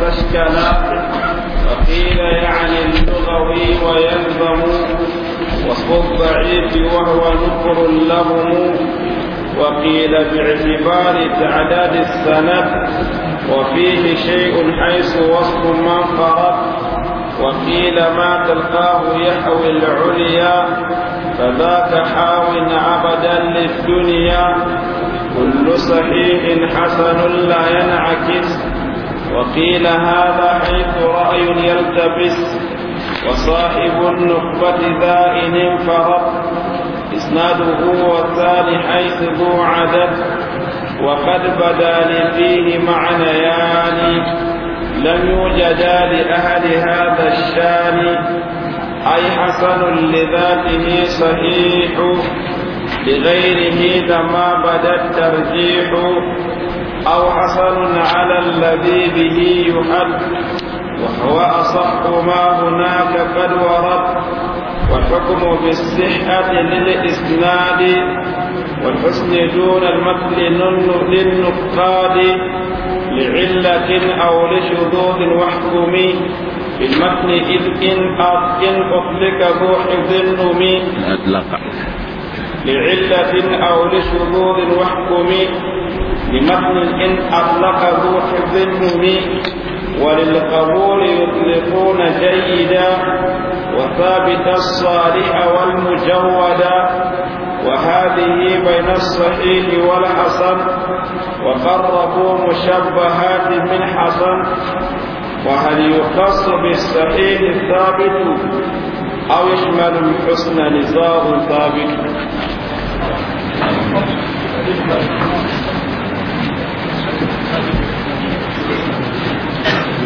فاشتنى وقيل يعني اللغوي ويلزم وصف الضعيف وهو نكر لهم وقيل باعتبار تعداد السند وفيه شيء حيث وصف من قرب وقيل ما تلقاه يحوي العليا فذاك حاو عبدا للدنيا كل صحيح حسن لا ينعكس وقيل هذا حيث رأي يلتبس وصاحب النخبة ذائن فرق إسناده والثاني حيث ذو عدد وقد بدا لفيه معنيان لم يوجدا لأهل هذا الشان أي حسن لذاته صحيح لغيره ما بدا الترجيح أو حسن على الذي به يحل وهو أصح ما هناك قد ورد والحكم بالصحة للإسناد والحسن دون المثل للنقاد لعلة أو لشذوذ واحكم بالمتن إذ إن إن أطلق ذو حفظ النمي لعلة أو لشذوذ واحكم لمتن إن أطلق ذو حفظ المبين وللقبول يطلقون جيدا وثابت الصالح والمجودا وهذه بين الصحيح والحسن وقربوا مشبهات من حسن وهل يخص بالصحيح الثابت أو يشمل الحسن نزار ثابت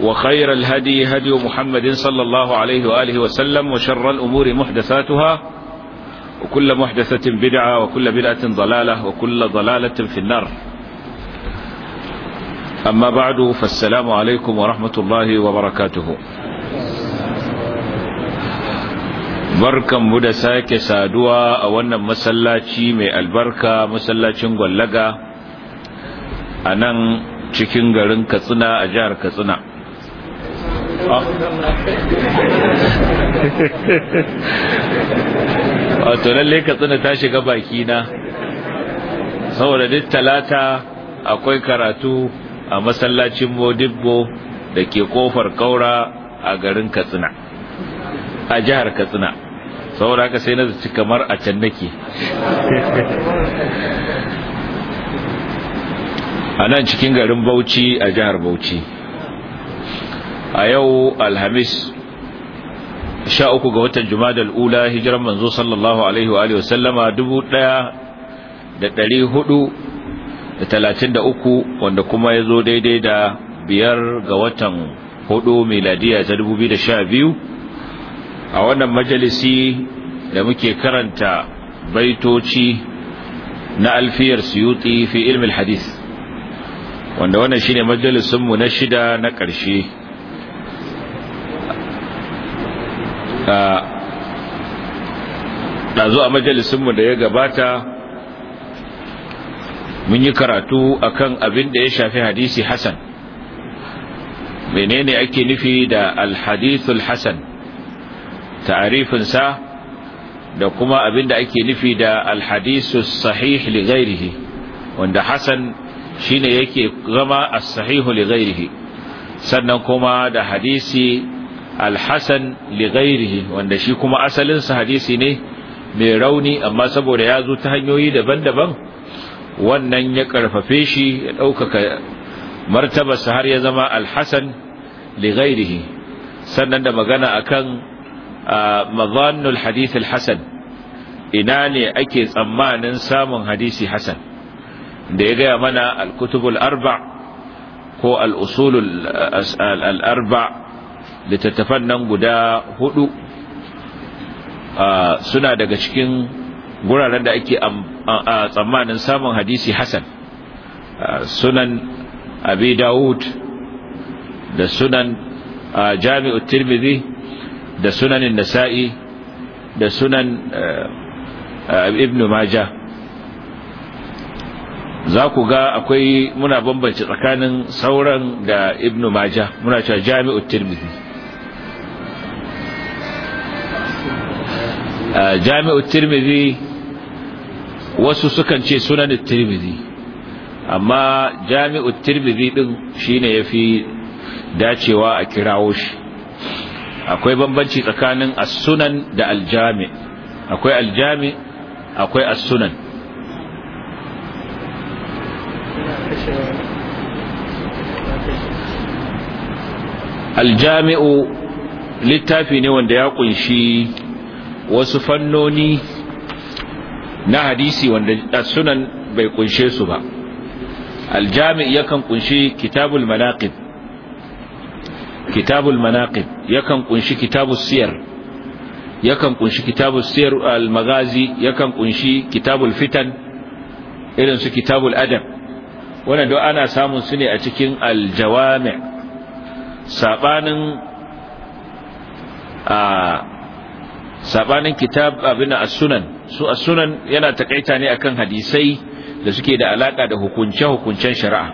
وخير الهدي هدي محمد صلى الله عليه وآله وسلم وشر الأمور محدثاتها وكل محدثة بدعة وكل بدعة ضلالة وكل ضلالة في النار أما بعد فالسلام عليكم ورحمة الله وبركاته barkanmu da sake saduwa a wannan masallaci mai albarka masallacin gwallaga a nan cikin garin katsina a jihar katsina wato lalle ka tsina ta shiga baki na saboda duk talata akwai karatu a masallacin modibbo da ke kofar kaura a garin katsina a jihar katsina saboda haka sai na zaci kamar a can nake a nan cikin garin bauchi a jihar bauchi a yau alhamis sha uku ga watan jumada al'ula hijiran manzo sallallahu alaihi wa alihi wasallama dubu ɗaya da ɗari hudu da talatin da uku wanda kuma ya zo daidai da biyar ga watan hudu miladiya ta dubu biyu da sha biyu a wannan majalisi da muke karanta baitoci na alfiyar suyuti fi ilmin hadis wanda wannan shine majalisinmu na shida na ƙarshe ɗazu a majalisunmu da ya gabata mun yi karatu akan abin da ya shafi hadisi Hassan. menene ake nufi da alhadithul hasan ta'arifinsa da kuma abin da ake nufi da alhadisus sahih li ghairihi wanda hassan shine yake zama as-sahihu li ghairihi sannan kuma da hadisi al Ligairihi wanda shi kuma asalinsa hadisi ne mai rauni amma saboda ya zo ta hanyoyi daban-daban wannan ya karfafe shi ya ɗaukaka martabar har ya zama AlHassan Ligairihi sannan da magana akan madhannul hadith hasan ina ne ake tsammanin samun hadisi Hassan. da ya gaya mana al-kutubul arba' ko al-usulul al-arba' littattafan nan guda hudu suna daga cikin guraren da ake tsammanin samun hadisi Hassan, sunan abi dawud da sunan jami'ut tirmidhi da sunan nasa'i da sunan ibn majah za ku ga akwai muna bambance tsakanin sauran da ibn majah muna cewa jami'ut tirmidhi Eh, jami'u tirmidhi wasu sukan ce sunan tirmidhi amma jami'u tirmidhi din shine yafi dacewa a kirawo shi akwai bambanci tsakanin as-sunan da al-jami' akwai al-jami' akwai as-sunan al-jami'u littafi ne wanda ya kunshi wasu fannoni na hadisi wanda sunan bai kunshe su ba aljami yakan kunshi kitabul manaqib kitabul manaqib yakan kunshi kitabus siyar yakan kunshi kitabus siyar al-magazi yakan kunshi kitabul fitan irin su kitabul adab wannan duk ana samun su ne a cikin aljawami sabanin a sabanin kitab abin a sunan su a sunan yana takaita ne akan hadisai da suke da alaka da hukunce hukuncen shari'a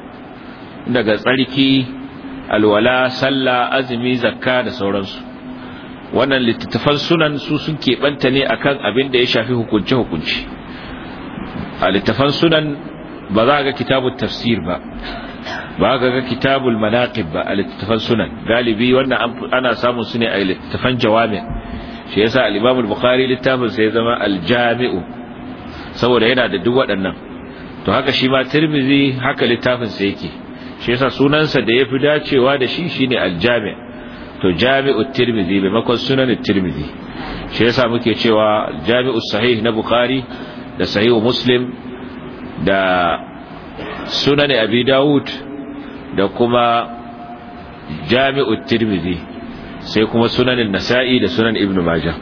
daga tsarki alwala sallah azumi zakka da sauransu wannan littattafan sunan su sun keɓanta ne akan abin da ya shafi hukunce hukunci a littattafan sunan ba za ga kitabun tafsir ba ba ga ga kitabul manaqib ba a littattafan sunan galibi wannan ana samun su ne a littattafan jawami shi yasa al-Imam al-Bukhari littafin sai zama al-Jami'u saboda yana da duk waɗannan to haka shi ma Tirmidhi haka littafin sa yake shi yasa sunansa da yafi dacewa da shi shine al-Jami' to Jami'u Tirmidhi maimakon sunan Tirmidhi shi yasa muke cewa Jami'u Sahih na Bukhari da Sahih Muslim da Sunan Abi Dawud da kuma Jami'u Tirmidhi sai kuma sunanin nasa'i da sunan ibn majah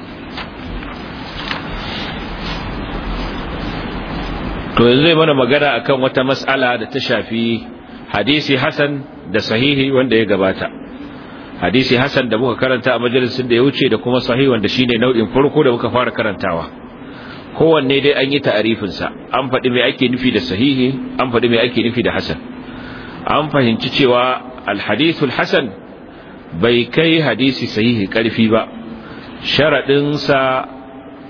to yanzu zai mana magana akan wata mas'ala da ta shafi hadisi hasan da sahihi wanda ya gabata hadisi hasan da muka karanta a majalisin da ya wuce da kuma sahihi wanda shine nau'in farko da muka fara karantawa kowanne dai an yi ta'arifinsa an faɗi mai ake nufi da sahihi an faɗi mai ake nufi da hasan an fahimci cewa alhadithul hasan bai kai hadisi sahihi karfi ba sharaɗinsa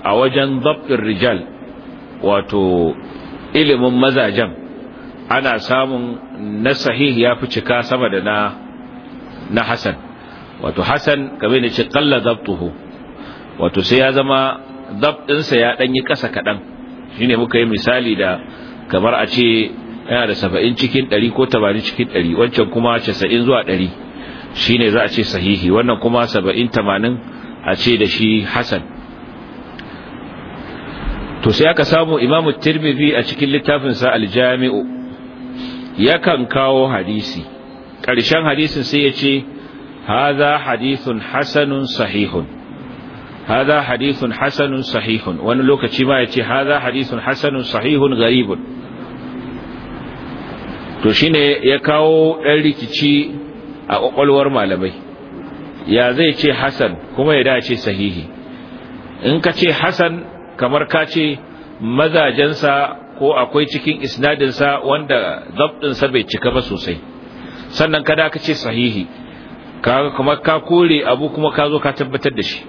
a wajen zaɓin rijal wato ilimin mazajen ana samun na sahihi ya fi cika sama da na na hasan wato hasan game ne ce kalla zabtuhu wato sai ya zama zabtinsa ya ɗanyi ƙasa kaɗan shine muka yi misali da kamar a ce yana da saba'in cikin ɗari ko tabarin cikin ɗari wancan kuma casa'in zuwa ɗari shine za a ce sahihi wannan kuma saba'in tamanin a ce da shi hasan to sai aka samu imamu Tirmidhi a cikin littafin sa yakan kawo hadisi ƙarshen hadisin sai ya ce haza hadithun hasanun sahihun haza حديث حسن sahihun wani lokaci ma yace haza hadithun hasanun sahihun gharibun to shine ya kawo ɗan rikici a kwakwalwar malamai ya zai ce hasan kuma ya dace sahihi in ka ce hasan kamar ka ce mazajensa ko akwai cikin isnadinsa wanda zabtinsa bai cika ba sosai sannan kada ka ce sahihi kaga kuma ka kore abu kuma ka zo ka tabbatar da shi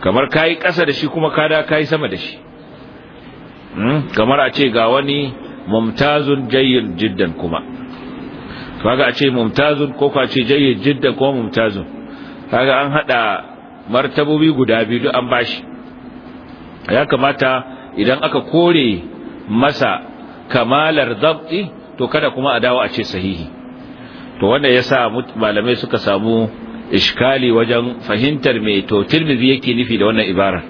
kamar ka yi ƙasa da shi kuma ka da ka yi sama da shi hmm? kamar a ce ga wani mumtazun jayyin jiddan kuma kaga a ce mumtazun ko kwa ce jayyid jidda ko mumtazun kaga an hada martabobi guda biyu an bashi ya kamata idan aka kore masa kamalar dabti to kada kuma a dawo a ce sahihi to wanda yasa malamai suka samu iskali wajen fahimtar me to tirmidhi yake nufi da wannan ibarar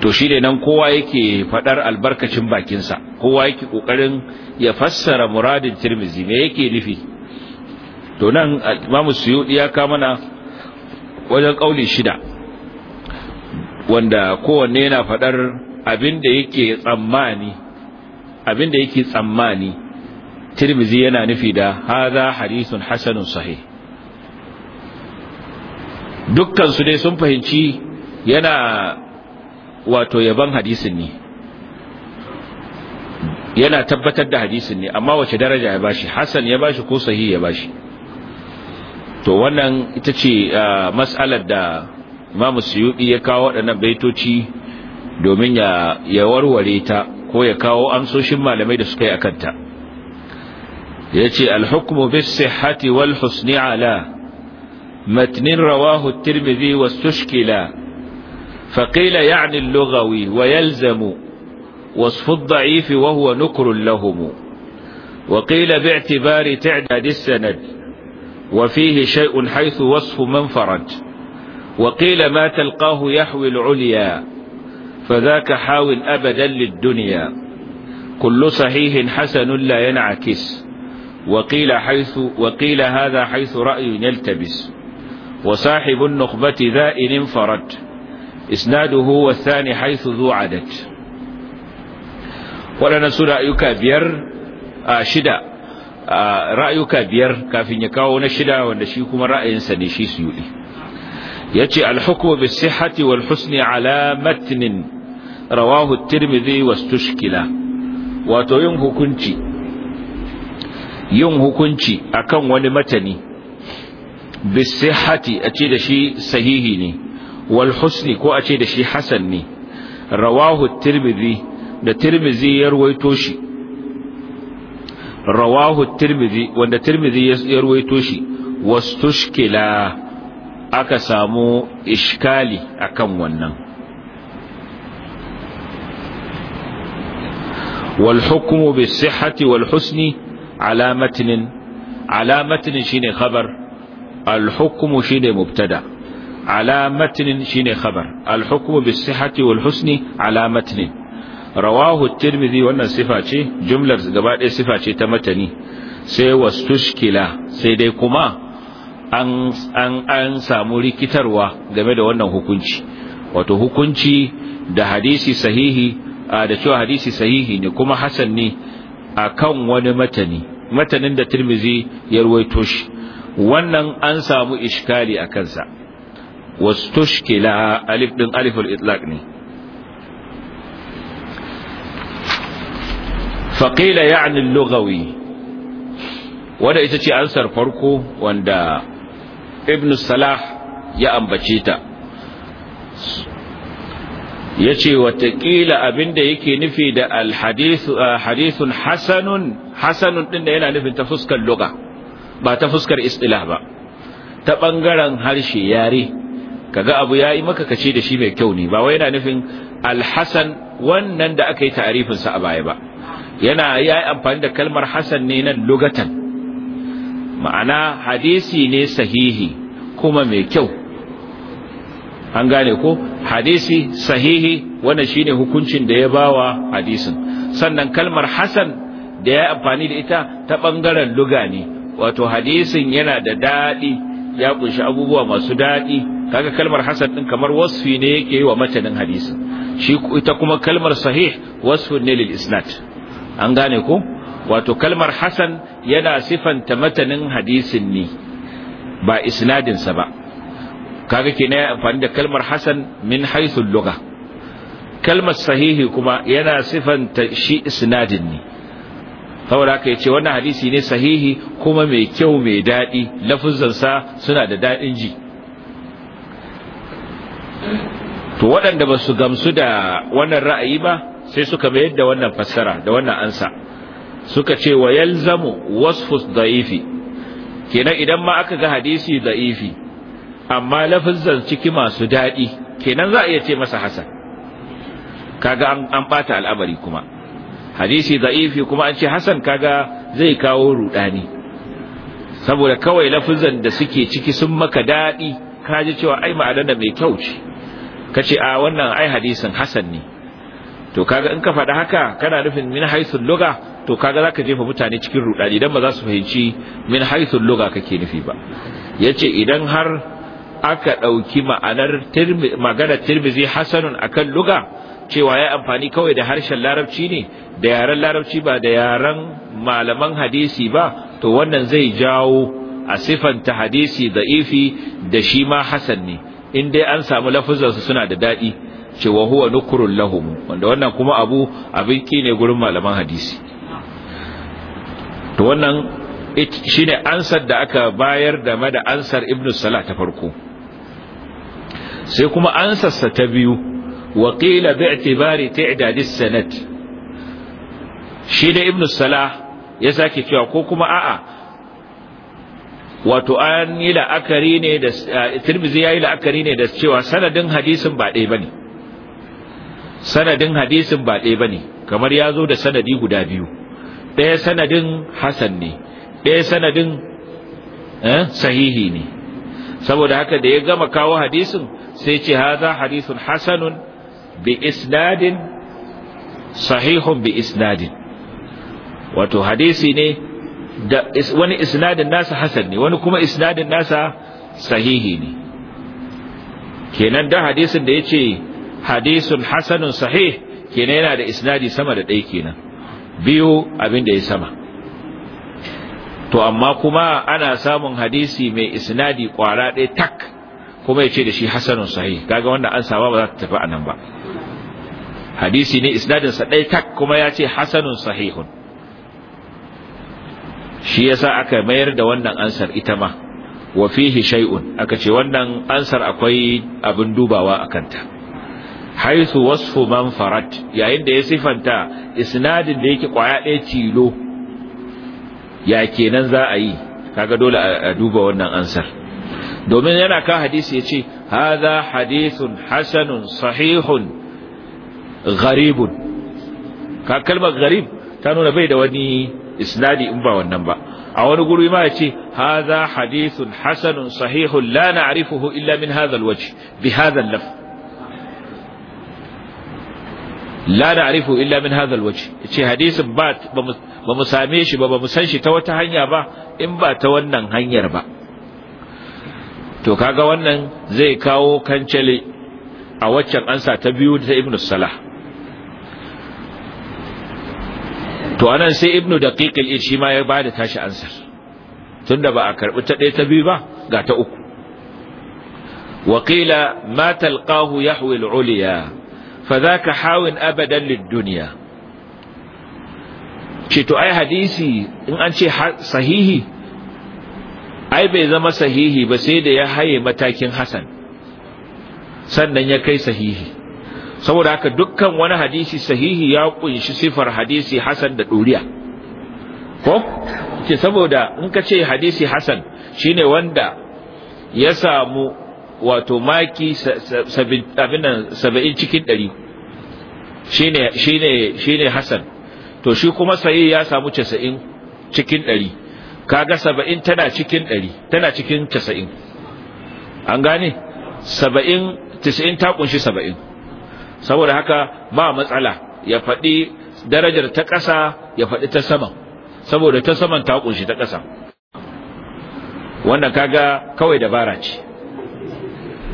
to shi ne nan kowa yake faɗar albarkacin bakinsa kowa yake kokarin ya fassara muradin tirmizi me yake nufi to nan imamu suyudi ya ka mana wajen kauli shida wanda kowanne yana fadar abin da yake tsammani abin da yake tsammani tirmizi yana nufi da hadha hadithun hasanun sahih dukkan su dai sun fahimci yana wato yaban hadisin ne yana tabbatar da hadisin ne amma wace daraja ya bashi hasan ya bashi ko sahih ya bashi to wannan ita ce mas'alar da Imam Suyuti ya kawo waɗannan baitoci domin ya ya warware ta ko ya kawo amsoshin malamai da suka yi akan ta yace al-hukmu bis-sihhati wal-husni ala متن رواه faqila ya'ni al-lughawi wa yalzamu وصف الضعيف وهو نكر لهم وقيل باعتبار تعداد السند وفيه شيء حيث وصف من فرج وقيل ما تلقاه يحوي العليا فذاك حاو أبدا للدنيا كل صحيح حسن لا ينعكس وقيل, حيث وقيل هذا حيث رأي يلتبس وصاحب النخبة ذائن فرج إسناده والثاني حيث ذو عدت waɗannan su ra'ayuka biyar a shida ra'ayuka biyar kafin ya kawo na shida wanda shi kuma ra'ayinsa ne shi yi yace al-hukmu bis-sihhati wal-husni ala matnin rawahu at-tirmidhi tushkila wato yin hukunci yin hukunci akan wani matani bis-sihhati a ce da shi sahihi ne wal-husni ko a ce da shi hasan ne rawahu at-tirmidhi da tirmizi ya ruwaito shi rawahu tirmizi wanda tirmizi ya ruwaito shi wastushkila aka samu ishkali akan wannan wal hukmu bi sihhati wal husni ala matnin ala matnin shine khabar al hukmu shine mubtada ala matnin shine khabar al wal husni rawahu tirmidhi wannan sifa ce jumlar gaba ɗaya sifa ce ta matani sai wastushkila sai dai kuma an an an samu rikitarwa game da wannan hukunci wato hukunci da hadisi sahihi da cewa hadisi sahihi ne kuma hasan ne akan wani matani matanin da Tirmizi ya ruwaito shi wannan an samu ishkali a kansa wastushkila alif din aliful itlaq ne faƙila ya'ni lugawi wanda ita ce ansar farko wanda ibn salah ya ambace ta ya ce watakila abinda yake nufi da alhadisun ah, hasanun hasanun ɗin da yana nufin ta fuskar luga ba ta fuskar istilah ba ta ɓangaren harshe yare kaga abu ya yi maka kace da shi mai kyau ne ba wai yana nufin alhasan wannan da aka yi ta'arifinsa a baya ba yana ya yi amfani da kalmar hasan ne nan lugatan ma'ana hadisi ne sahihi kuma mai kyau an gane ko hadisi sahihi wanda shine hukuncin da ya bawa hadisin sannan kalmar hasan da ya amfani da ita ta bangaren luga ne wato hadisin yana da dadi ya ƙunshi abubuwa masu dadi kaga kalmar hasan ɗin kamar wasfi ne yake yi wa matanin hadisin shi ita kuma kalmar sahih wasfun ne lil isnad an gane ko wato kalmar hasan yana sifanta matanin hadisin ne ba isnadinsa ba kaga ke ya amfani da kalmar hasan min haythul lugha kalmar sahihi kuma yana sifanta shi isnadin ne saboda haka yace wannan hadisi ne sahihi kuma mai kyau mai dadi lafuzansa suna da dadin ji to waɗanda ba su gamsu da wannan ra'ayi ba sai suka mayar da wannan fassara da wannan ansa suka ce wa yalzamu wasfus da'ifi kenan idan ma aka ga hadisi da'ifi amma lafazan ciki masu daɗi kenan za a iya ce masa hasan kaga an an bata al'amari kuma hadisi da'ifi kuma an ce hasan kaga zai kawo rudani saboda kawai lafazan da suke ciki sun maka daɗi ka ji cewa ai ma'anar da mai kyau ce kace a wannan ai hadisin hasan ne to kaga in ka faɗi haka kana nufin min haisul luga to kaga zaka jefa mutane cikin rudani idan ba za su fahimci min haisul luga kake nufi ba yace idan har aka ɗauki ma'anar maganar tirmizi hasanun akan luga cewa ya amfani kawai da harshen larabci ne da yaren larabci ba da yaren malaman hadisi ba to wannan zai jawo a hadisi da ifi da shi ma hasan ne in dai an samu lafazansu suna da daɗi ce wa huwa nukrul lahum wanda wannan kuma abu abin ki ne gurin malaman hadisi to wannan shine ansar da aka bayar da mada ansar ibnu salah ta farko sai kuma ansarsa ta biyu wa qila bi'tibari ta'dadis sanad shi da ibnu salah ya sake cewa ko kuma a'a wato an yi la'akari ne da tirmizi ya yi la'akari ne da cewa sanadin hadisin ba ɗaya bane sanadin hadisin ba ɗaya bane kamar ya zo da sanadi guda biyu ɗaya sanadin hasan ne ɗaya sanadin eh, sahihi ne saboda haka da ya gama kawo hadisin sai ce haza hadisun hasanun bi isnadin sahihun bi isnadin wato hadisi ne da wani isnadin nasa hasan ne wani kuma isnadin nasa sahihi ne kenan da hadisin da ya ce. hadisun hasanun sahih kenan yana da isnadi sama da ɗaya kenan biyu abin da ya sama to amma kuma ana samun hadisi mai isnadi kwara ɗaya tak kuma ya ce da shi hasanun sahih kaga wanda an sama ba za ta tafi anan ba hadisi ne isnadinsa ɗaya tak kuma ya ce hasanun sahihun shi yasa aka mayar da wannan ansar ita ma wa fihi shay'un aka ce wannan ansar akwai abin dubawa a kanta haisu wasfu man yayin da ya sifanta isnadin da yake kwaya ɗaya tilo ya kenan za a yi kaga dole a duba wannan ansar domin yana ka hadisi ya ce haza hadisun hasanun sahihun gharibun ka kalmar gharib ta nuna bai da wani isnadi in ba wannan ba a wani guri ma ya ce haza hadisun hasanun sahihun la na'rifuhu illa min hadha alwajh bi hadha al la na'rifu illa min hadha alwajh ce hadisin ba ba same shi ba ba san shi ta wata hanya ba in ba ta wannan hanyar ba to kaga wannan zai kawo kancale a waccan ansa ta biyu ta ibnu salah to anan sai ibnu daqiq al ya bada tashi ansar tunda ba a karbi ta ɗaya ta biyu ba ga ta uku وقيل ما تلقاه يحوي fa zaka hawin abadan lid-dunya ce to ai hadisi in an ce sahihi ai bai zama sahihi ba sai da ya haye matakin hasan sannan ya kai sahihi saboda haka dukkan wani hadisi sahihi ya kunshi sifar hadisi hasan da duriya ko ke saboda in ka ce hadisi hasan shine wanda ya samu wato maki saba'in cikin ɗari shi ne hassan to shi kuma sayi ya samu casa'in cikin ɗari kaga saba'in tana cikin ɗari tana cikin casa'in an gane saba'in tisa'in ta kunshi saba'in saboda haka ba matsala ya faɗi darajar ta ƙasa ya faɗi ta saman saboda ta saman ta kunshi ta ƙasa wannan kaga kawai dabara ce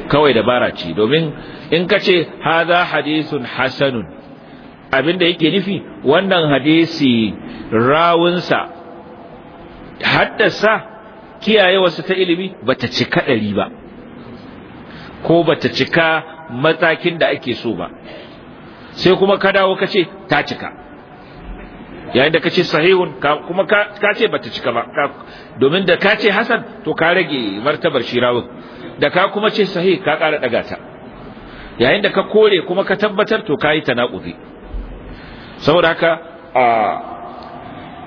kawai dabara ce domin in ka ce haza hadisun hasanun abinda yake nufi wannan hadisi rawunsa haddasa kiyaye wasu ta ilimi bata cika ɗari ba ko bata cika matakin da ake so ba sai kuma ka dawo ka ce ta cika yayin da ka ce sahihun kuma ka ce bata cika ba domin da ka ce hasan to ka rage martabar shirawun. da ka kuma ce sahih ka kara ɗaga ta yayin da ka kore kuma ka tabbatar to ka yi tanaƙudi saboda haka a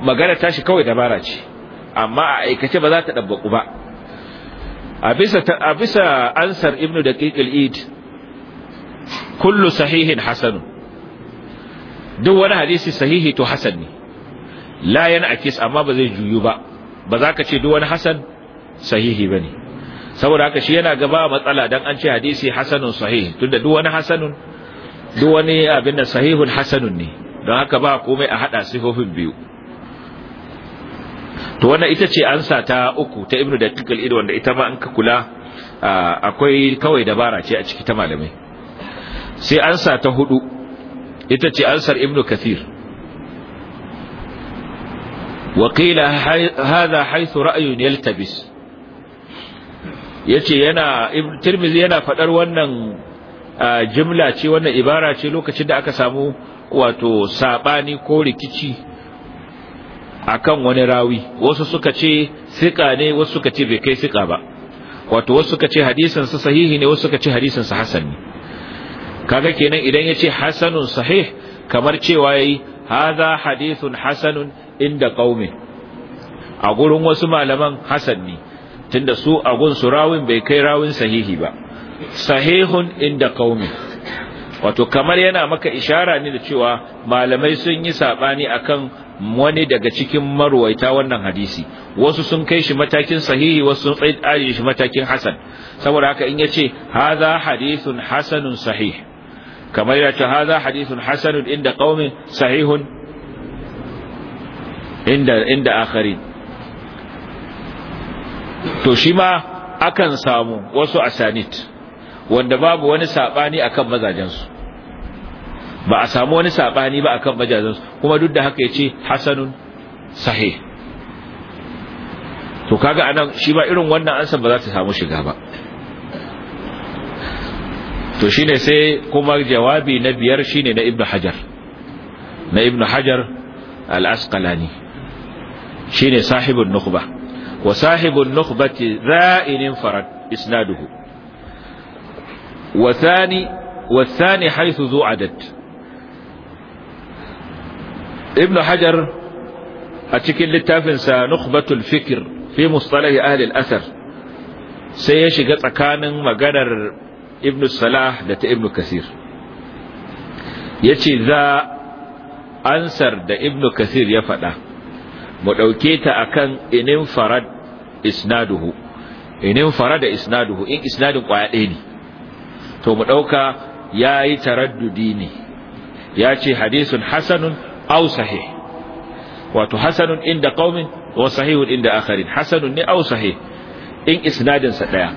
magana tashi kawai dabara ce amma a aikace ba za ta ɗabbaƙu ba a bisa ansar ibnu daqiq al-id kullu sahihin hasan duk wani hadisi sahihi to hasan ne la yana akis amma ba zai juyu ba ba za ka ce duk wani hasan sahihi ba ne. saboda haka shi yana gaba matsala dan an ce hadisi hasanun sahih tunda duk wani hasanun duk wani abin da sahihun hasanun ne don haka ba komai a hada sifofin biyu to wannan ita ce ansa ta uku ta ibnu da al-id wanda ita ma an ka kula akwai kawai dabara ce a ciki ta malamai sai ansa ta hudu ita ce ansar ibnu kathir وقيل هذا حيث رأي يلتبس yace yana tirmizi yana fadar wannan jimla ce wannan ibara ce lokacin da aka samu wato sabani ko rikici akan wani rawi wasu suka ce sika ne wasu suka ce bai kai sika ba wato wasu suka ce hadisin sa sahihi ne wasu suka ce hadisin sa hasan ne kaga kenan idan yace hasanun sahih kamar cewa yayi hadha hadithun hasanun inda qaumi a gurin wasu malaman hasan ne tunda su a su rawin bai kai rawin sahihi ba sahihun inda qaumi wato kamar yana maka ishara ne da cewa malamai sun yi sabani akan wani daga cikin marwaita wannan hadisi wasu sun kai shi matakin sahihi wasu sun tsaye shi matakin hasan saboda haka in yace hadha hadithun hasanun sahih kamar ya ce haza hadithun hasanun inda qaumin sahihun inda inda akharin to shi ma akan samu wasu asanit wanda babu wani sabani akan mazajensu ba a samu wani sabani ba akan mazajensu kuma duk da haka yace hasanun sahih to kaga anan shi ba irin wannan ansa ba za ta samu shiga ba to shine sai kuma jawabi na biyar shine na ibnu hajar na ibnu hajar al-asqalani shine sahibun nukhbah wa sahibun nukhbati za'inin farad isnaduhu wa thani wa thani haythu zu'adat hajar a cikin littafinsa nukhbatul fikr fi mustalahi ahli al sai ya shiga tsakanin maganar ibnu salah da ta ibnu Ya ce za ansar da ibnu kasir ya faɗa mu ɗauke ta akan inin farad isnaduhu inin farada isnaduhu in isnadin kwaya ɗaya ne to mu ɗauka ya yi taraddudi ne ya ce hadisun hasanun au sahih wato hasanun inda qaumin wa sahihun inda akharin hasanun ne au sahih in isnadinsa ɗaya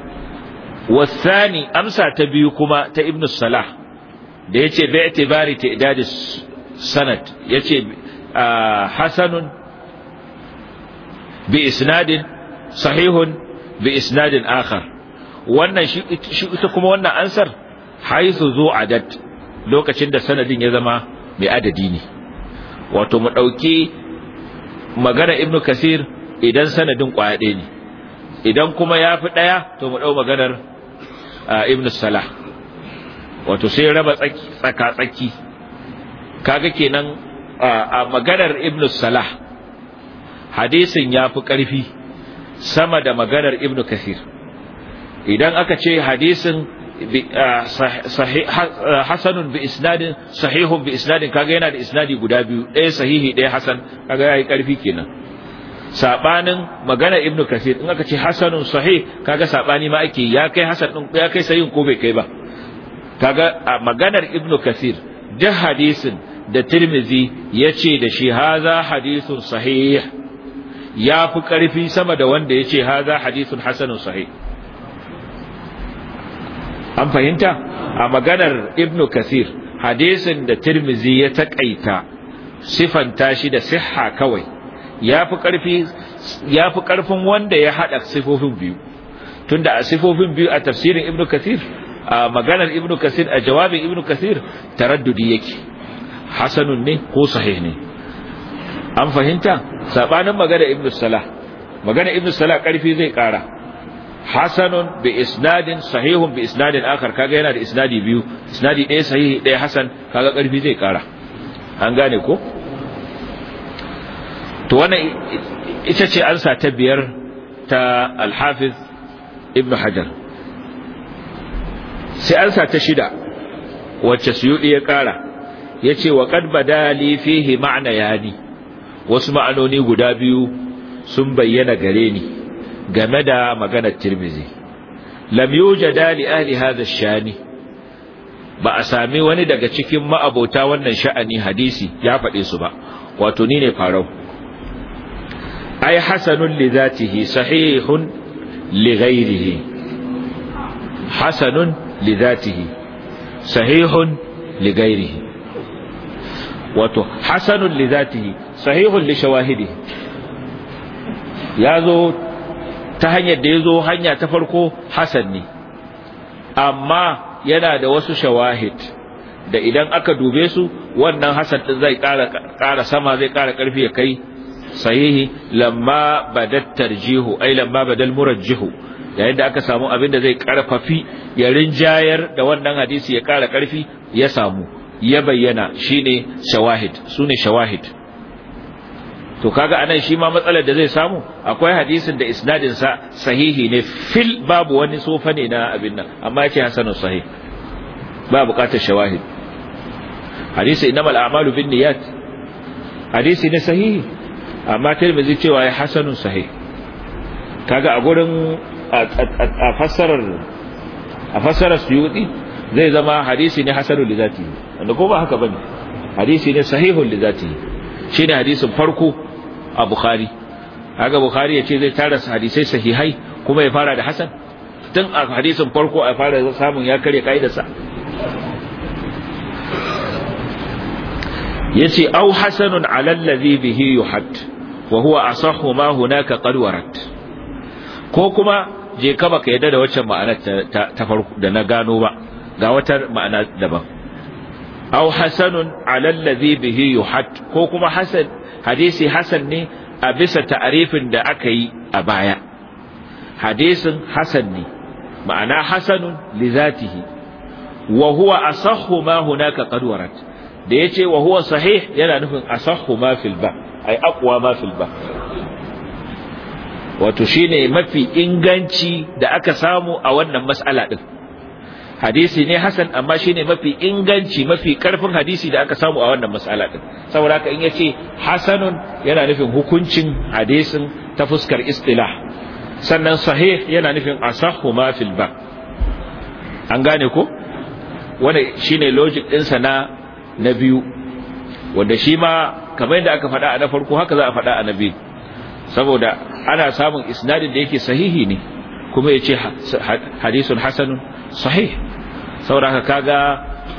wasani amsa ta biyu kuma ta ibn salah da yace bari ta ta'dad sanad yace ah, hasanun bi isnadin sahihun bi isnadin akhar wannan shi ita kuma wannan ansar zo zu adad lokacin da sanadin ya zama mai adadi ne wato mu dauki magana ibnu kasir idan sanadin kwaya ne idan kuma ya fi ɗaya to mu ɗau maganar ibnu salah wato sai raba tsaka-tsaki kaga kenan a maganar ibnu salah hadisin ya fi ƙarfi sama da maganar ibnu kathir idan aka ce hadisin hasanun bi isnadin sahihun bi isnadin kaga yana da isnadi guda biyu ɗaya sahihi ɗaya hasan kaga yayi ƙarfi kenan sabanin magana ibnu kathir in aka ce hasanun sahih kaga sabani ma ake ya kai hasan din ya kai sahihin ko bai kai ba kaga a maganar ibnu kathir duk hadisin da tirmizi yace da shi haza hadisun sahih ya fi ƙarfi sama da wanda ya ce haza hadithun hasanun sahih an fahimta a maganar ibnu kasir hadisin da tirmizi ya taƙaita sifanta shi da sihha kawai ya fi ƙarfin wanda ya haɗa sifofin biyu tunda a sifofin biyu a tafsirin ibnu kasir a maganar ibnu kasir a jawabin ibnu kasir taraddudi yake hasanun ne ko sahih ne an fahimta sabanin magana ibnu salah magana ibnu salah karfi zai kara hasanun bi isnadin sahihun bi isnadin akar kaga yana da isnadi biyu isnadi ɗaya sahihi ɗaya hasan kaga karfi zai kara an gane ko to wannan ita ce ansa ta biyar ta al-hafiz hajar sai ansa ta shida wacce suyudi ya kara yace wa qad badali fihi ma'na yani wasu ma'anoni guda biyu sun bayyana gare ni game da maganar tirmizi lam yujada li ahli hadha shani ba a sami wani daga cikin ma'abota wannan sha'ani hadisi ya faɗe su ba wato ni ne farau ai hasanun li zatihi sahihun li ghairihi hasanun li zatihi sahihun li ghairihi wato hasanun li zatihi sahihun lishawahidi shawahidi ya zo ta hanyar da ya zo hanya ta farko hasan ne amma yana da wasu shawahid da idan aka dube su wannan hasan din zai ƙara sama zai ƙara ƙarfi ya kai sahihi lamma badat tarjihu ai lamma badal murajjihu yayin da aka samu abin da zai karfafi ya rinjayar da wannan hadisi ya ƙara ƙarfi ya samu ya bayyana shine shawahid sune shawahid to kaga anan shi ma matsalar da zai samu akwai hadisin da isnadin sa sahihi ne fil babu wani sofa ne na abin nan amma yace hasanu sahih ba buƙatar shawahid hadisi innamal a'malu niyyat hadisi ne sahihi amma Tirmidhi cewa ya hasanun sahih kaga a gurin a fassarar a fassarar Suyuti zai zama hadisi ne hasanu li zatihi wanda ko ba haka bane hadisi ne sahihun li Shi shine hadisin farko a bukhari haka bukhari ya ce zai tara hadisai sahihai kuma ya fara da hasan tun a hadisin farko a fara samun ya karya ka'idarsa yace au hasanun ala allazi bihi yuhad wa huwa asahhu ma hunaka qad warat ko kuma je ka baka yadda da waccan ma'ana ta farko da na gano ba ga wata ma'ana daban au hasanun ala allazi bihi yuhad ko kuma hasan hadisi hasan ne a bisa ta'arifin da aka yi a baya hadisin hasan ne ma'ana hasanun li zatihi wa huwa asahhu ma hunaka qad warat da yace wa huwa sahih yana nufin asahhu ma fil ba ai aqwa ma fil ba wato shine mafi inganci da aka samu a wannan mas'ala din hadisi ne hasan amma shine mafi inganci mafi karfin hadisi da aka samu a wannan mas'ala din saboda haka in ce hasanun yana nufin hukuncin hadisin ta fuskar istilah sannan sahih yana nufin asahhu ma fil ba an gane ko shi shine logic ɗinsa na na biyu wanda shi ma kamar yadda aka faɗa a na farko haka za a faɗa a na biyu saboda ana samun isnadin da yake sahihi ne kuma ya ce hadisun hasanun sahih sauraka kaga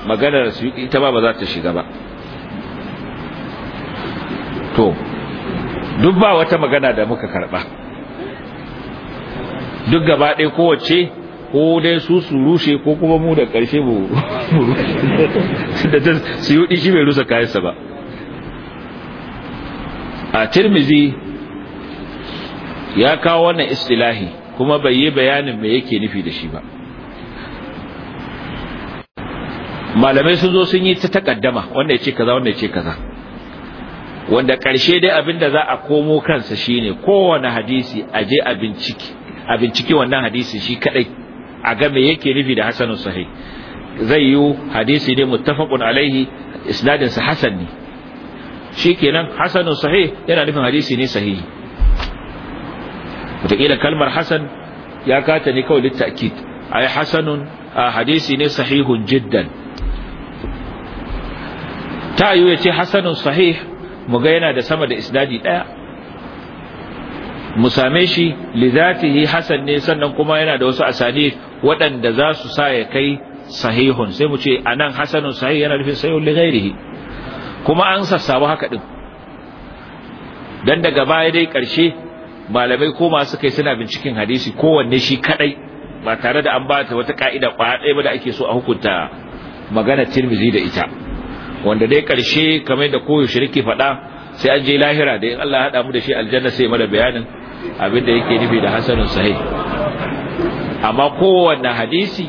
maganar su ita ba ba za ta shiga ba to duk ba wata magana da muka karba duk gaba ɗaya kowace ko dai su su rushe ko kuma mu da ƙarshe mu da ta yi shi bai rusa kayansa ba a tirmizi ya kawo wannan istilahi kuma bai yi bayanin me yake nufi da shi ba malamai sun zo sun yi ta takaddama wanda ya ce kaza wanda ya ce kaza wanda ƙarshe dai abin da za a komo kansa shine kowane hadisi a je a binciki a binciki wannan hadisi shi kadai a ga me yake nufi da hasanu sahih zai yi hadisi ne muttafaqun alaihi isnadin sa hasan ne shikenan hasanu sahih yana nufin hadisi ne sahihi wataƙila kalmar hasan ya kata ne kawai littakid ai hasanun a hadisi ne sahihun jiddan ta yi ya ce hasanun sahih mu ga yana da sama da isnadi ɗaya mu same shi lidatihi hasan ne sannan kuma yana da wasu asani waɗanda za su sa ya kai sahihun sai mu ce anan hasanun sahih yana nufin sahihun li ghairihi kuma an sassabu haka ɗin. dan daga baya dai ƙarshe malamai ko masu kai suna binciken hadisi kowanne shi kadai ba tare da an ba ta wata ka'ida kwaya ɗaya ba da ake so a hukunta magana tirmizi da ita wanda dai karshe kamar da koyaushe rike faɗa sai an je lahira da in Allah haɗa mu da shi aljanna sai mada bayanin abin da yake nufi da hasanun sahih amma kowanne hadisi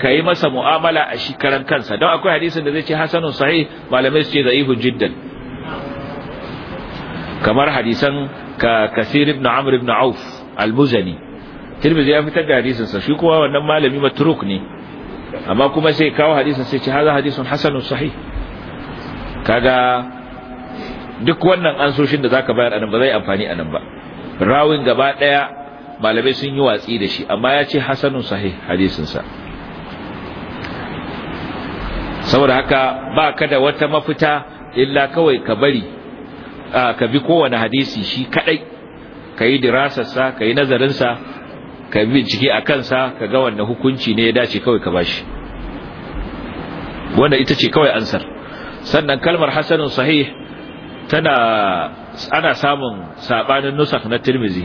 ka yi masa mu'amala a shi karan kansa don akwai hadisin da zai ce hasanun sahih malamai su ce za'ihun jiddan kamar hadisan ka kasir ibn amr ibn auf al-muzani tirmidhi ya fitar da hadisin sa shi kuma wannan malami matruk ne amma kuma sai kawo hadisin sai ce hadha hadisun hasanun sahih kaga duk wannan ansoshin da zaka bayar anan ba zai amfani anan ba rawin gaba daya malamai sun yi watsi da shi amma ya ce hasanun sahih hadisin sa saboda haka ba ka da wata mafita illa kawai ka bari ka bi kowane hadisi shi kadai ka yi dirasarsa ka yi nazarinsa ka bi ciki a kansa ka ga wanda hukunci ne ya dace kawai ka bashi wanda ita ce kawai ansar sannan kalmar hasanun sahih tana ana samun sabanin nusak na tirmizi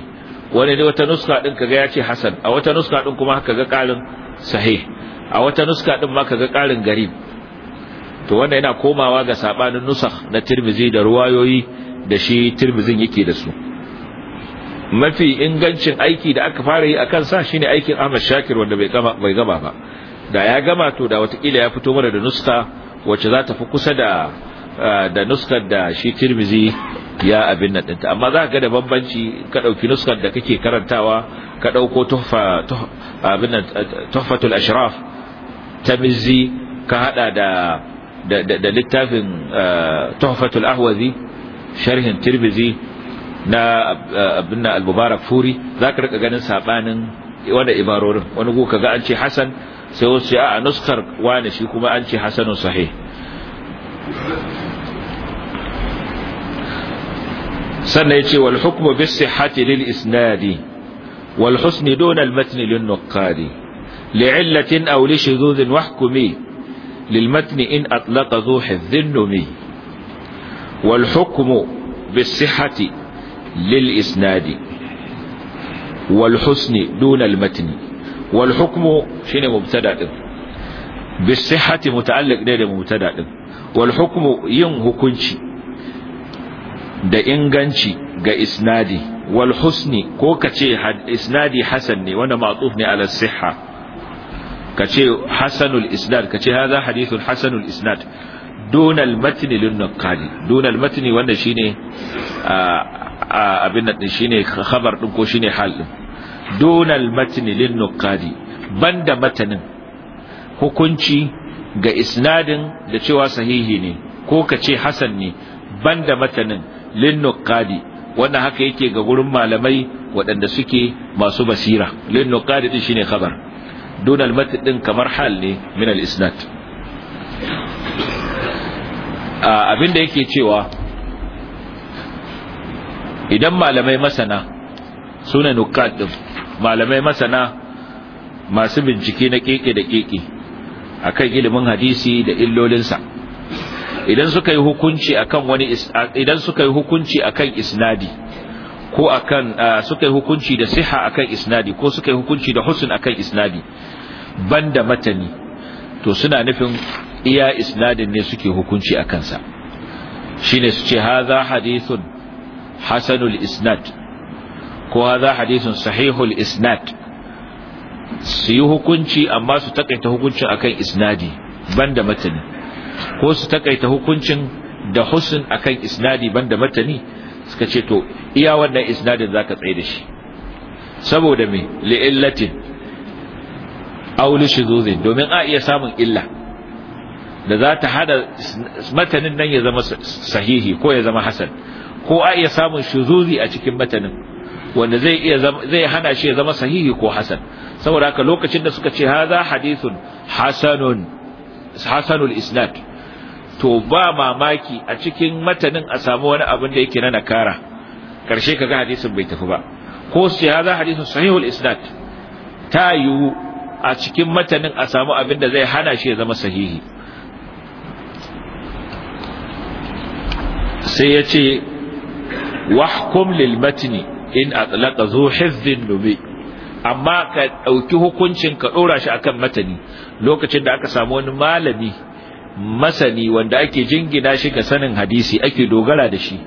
wani ne wata nuska din kaga ya ce hasan a wata nuska din kuma haka ga kalin sahih a wata nuska din ma ga kalin garib to wannan yana komawa ga sabanin nusak na tirmizi da ruwayoyi da shi turbizin yake da su mafi ingancin aiki da aka fara yi a kansa shine aikin Ahmad Shakir wanda bai gama bai gama ba da ya gama to da watakila ya fito mana da nuska wacce za ta fi kusa da da nuskar da shi Tirmizi ya abin nan ɗinta amma za ka ga da bambanci ka ɗauki nuskar da kake karantawa ka ɗauko tuhfa abin nan tuhfatul ashraf ta mizzi ka haɗa da da littafin tuhfatul ahwazi sharhin tirbizi na eh, abin al-mubarak furi zaka rika ganin sabanin wanda ibarorin wani go kaga an ce hasan sai wasu a nuskar wani shi kuma an ce hasanun sannan yace wal hukmu bis sihhati lil isnadi wal husni dun al matn lin nuqadi li'illatin aw li shudud wahkumi lil matn in atlaqa zuh al numi. wal hukmu bisihhati lil isnadi wal husni dun al matni wal hukmu shine mubtada din bisihhati muta'alliq ne da mubtada din wal yin hukunci da inganci ga isnadi wal husni ko kace isnadi hasan ne wanda ma'tuf ne ala sihha kace hasanul isnad kace hadha hadithun hasanul isnad dunal matni lin nuqali dunal matni wanda shine abin nan shine khabar din ko shine hal din dunal matni lin banda matanin hukunci ga isnadin da cewa sahihi ne ko kace hasan ne banda matanin lin nuqali wannan haka yake ga gurin malamai waɗanda suke masu basira lin nuqadi din shine khabar dunal matn kamar hal ne min al isnad Abin da yake cewa idan malamai masana suna nukat din malamai masana masu bincike na keke da keke a kan ilimin hadisi da illolinsa idan suka yi hukunci akan wani idan suka yi hukunci akan isnadi ko akan suka yi hukunci da siha akan isnadi ko suka yi hukunci da a akan isnadi banda matani to suna nufin iya isnadin ne suke hukunci a kansa shi ne su ce hadha hadithun hasanul isnad ko za hadithun sahihul isnad su yi hukunci amma su takaita hukuncin akan isnadi banda matani ko su takaita hukuncin da husn akan isnadi banda matani suka ce to iya wannan isnadin zaka tsaye da shi saboda me li'illatin auli shuzuzin domin a iya samun illa da za ta hada matanin nan ya zama sahihi ko ya zama hasan ko a iya samun shuzuzi a cikin matanin wanda zai iya zai hana shi ya zama sahihi ko hasan saboda haka lokacin da suka ce haza hadithun hasanun hasanul isnad to ba mamaki a cikin matanin a samu wani abin da yake na nakara karshe kaga hadisin bai tafi ba ko su ce hadithun sahihul isnad ta yiwu a cikin matanin a samu abin da zai hana shi ya zama sahihi sai ya ce wahkum lil matni in atlaqa zu hizbin nubi amma ka ɗauki hukuncin ka ɗora shi akan matani lokacin da aka samu wani malami masani wanda ake jingina shi ga sanin hadisi ake dogara da shi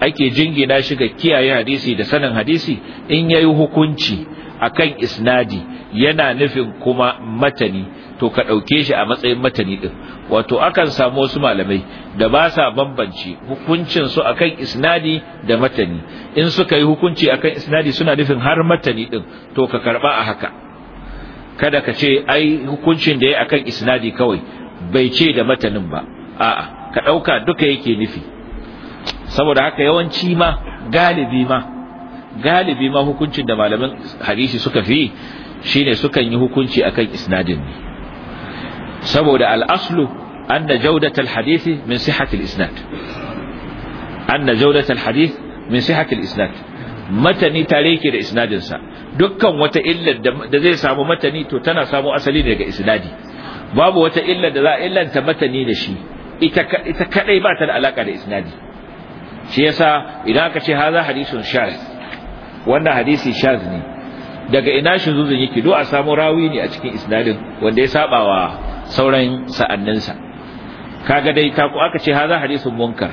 ake jingina shi ga kiyaye hadisi da sanin hadisi in yayi hukunci akan isnadi yana nufin kuma matani to ka ɗauke shi a matsayin matani ɗin wato akan samu wasu malamai da ba sa bambanci hukuncin su akan isnadi da matani in suka yi hukunci akan isnadi suna nufin har matani ɗin to ka karɓa a haka kada ka ce ai hukuncin da ya akan isnadi kawai bai ce da matanin ba a'a ka ɗauka duka yake nufi saboda haka yawanci ma galibi ma galibi ma hukuncin da malamin hadisi suka fi shine sukan yi hukunci akan isnadin ne saboda al-aslu anna jawdat al-hadith min sihhat al-isnad anna jawdat al-hadith min sihhat al-isnad matani tare yake da isnadin sa dukkan wata illar da zai samu matani to tana samu asali daga isnadi babu wata illar da za a illanta matani da shi ita ita kadai ba ta da alaka da isnadi shi yasa idan aka ce haza hadisun shaz wannan hadisi shaz ne daga ina Zuzun yake do a samu rawi ne a cikin isnadin wanda ya saba wa sauran sa'anninsa kaga dai ta ku aka ce haza hadisun munkar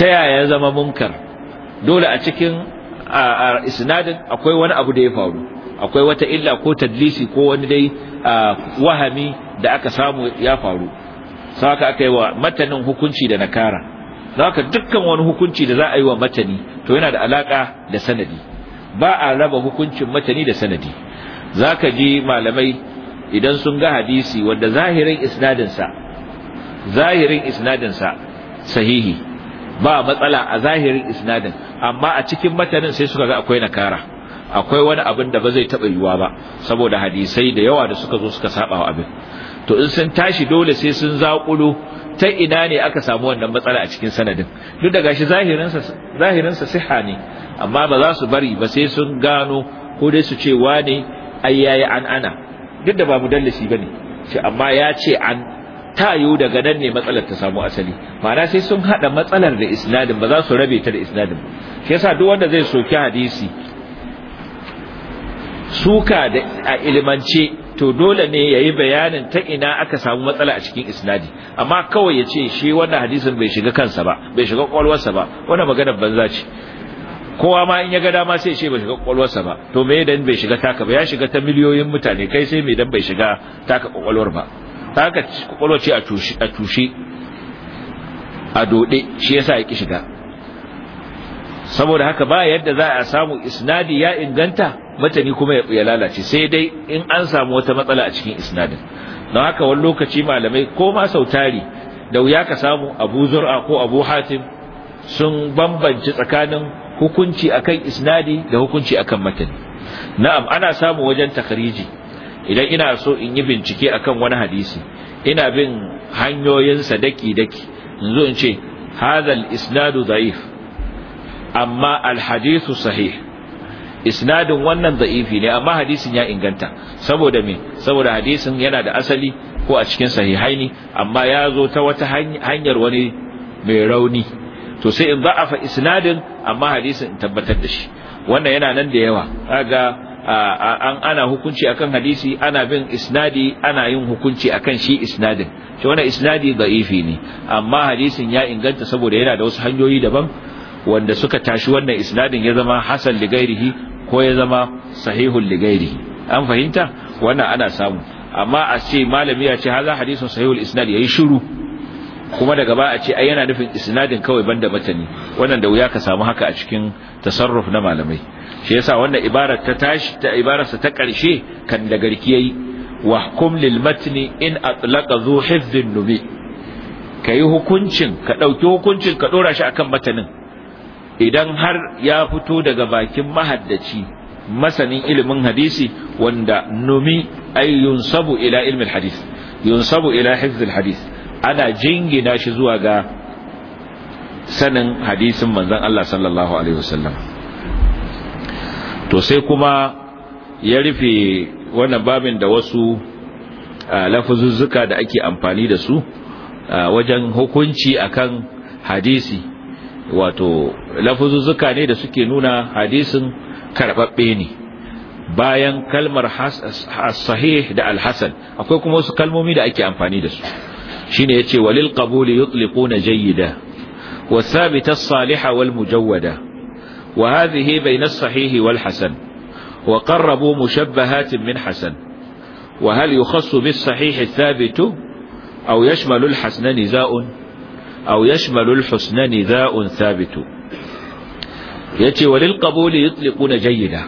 ta yaya zama munkar dole a cikin isnadin akwai wani abu da ya faru akwai wata illa ko tadlisi ko wani dai wahami da aka samu ya faru saka aka yi wa matanin hukunci da nakara haka dukkan wani hukunci da za a yi wa matani to yana da alaka da sanadi ba a raba hukuncin matani da sanadi zaka ji malamai idan sun ga hadisi wanda zahirin isnadinsa zahirin isnadinsa sahihi ba matsala a zahirin isnadin amma a cikin matanin sai suka ga akwai nakara akwai wani abin da ba zai taɓa yiwuwa ba saboda hadisai da yawa da suka zo suka saba wa abin to in sun tashi dole sai sun zaƙulo ta ina ne aka samu wannan matsala a cikin sanadin duk da gashi zahirinsa zahirinsa siha ne amma ba za su bari ba sai sun gano ko dai su ce wane ai yayi an ana duk da ba mu dallashi bane ne. amma ya ce an tayo daga nan ne matsalar ta samu asali ma'ana sai sun hada matsalar da isnadin ba za su rabe ta da isnadin shi yasa duk wanda zai soki hadisi suka da a ilimance to dole ne ya yi bayanin ta ina aka samu matsala a cikin isnadi amma kawai ya ce shi wannan hadisin bai shiga kansa ba bai shiga kwalwarsa ba wannan maganar banza ce kowa ma in ya ga dama sai ya ce bai shiga kwalwarsa ba to me dan bai shiga taka ba ya shiga ta miliyoyin mutane kai sai me dan bai shiga taka kwakwalwar ba taka kwakwalwar ce a tushe a tushe a dode shi yasa ya ki shiga saboda haka ba yadda za a samu isnadi ya inganta matani kuma ya lalace sai dai in an samu wata matsala a cikin isnadin don haka wani lokaci malamai ko ma sautari da wuya ka samu abu zur'a ko abu hatim sun bambanci tsakanin hukunci akan isnadi da hukunci akan matani na'am ana samu wajen takariji idan ina so in yi bincike akan wani hadisi ina bin hanyoyin daki-daki in zo in ce hadha al-isnadu da'if amma al-hadithu sahih isnadin wannan da'ifi ne amma hadisin ya inganta saboda me saboda hadisin yana da asali ko a cikin sahihaini amma ya zo ta wata hanyar wani mai rauni to sai in za'afa isnadin amma hadisin in tabbatar da shi wannan yana nan da yawa kaga an ana hukunci akan hadisi ana bin isnadi ana yin hukunci akan shi isnadin to wannan isnadi da'ifi ne amma hadisin ya inganta saboda yana da wasu hanyoyi daban wanda suka tashi wannan isnadin ya zama hasan li gairihi ko ya zama sahihul ligairi an fahimta wannan ana samu amma a ce malami ya ce haza hadisun sahihul isnad yayi shiru kuma daga ba a ce ai yana nufin isnadin kawai banda matani wannan da wuya ka samu haka a cikin tasarruf na malamai shi yasa wannan ibara ta tashi ta ibararsa ta karshe kan da garki yayi wahkum lil matni in atlaqa zu hifdhin nubi kayi hukuncin ka dauki hukuncin ka dora shi akan matanin idan har ya fito daga bakin mahaddaci masanin ilimin hadisi wanda numi ay yunsabu ila ilmi hadis yunsabu ila hifz hadis ana jingina shi zuwa ga sanin hadisin manzon Allah sallallahu alaihi wasallam to sai kuma ya rufe wannan babin da wasu lafuzuzzuka da ake amfani da su wajen hukunci akan hadisi wato lafuzuzzuka ne da suke nuna hadisin karbabbe ne bayan kalmar sahih da alhasan akwai kuma wasu kalmomi da ake amfani da su shine yace walil qabuli yutliquna jayyida wa wa wal mujawwada hadhihi bayna والثابت الصالحة والمجودة وهذه بين الصحيح والحسن وقربوا مشبهات من حسن وهل يخص بالصحيح aw yashmalu al-hasan niza'un أو يشمل الحسن نداء ثابت يتي وللقبول يطلقون جيدا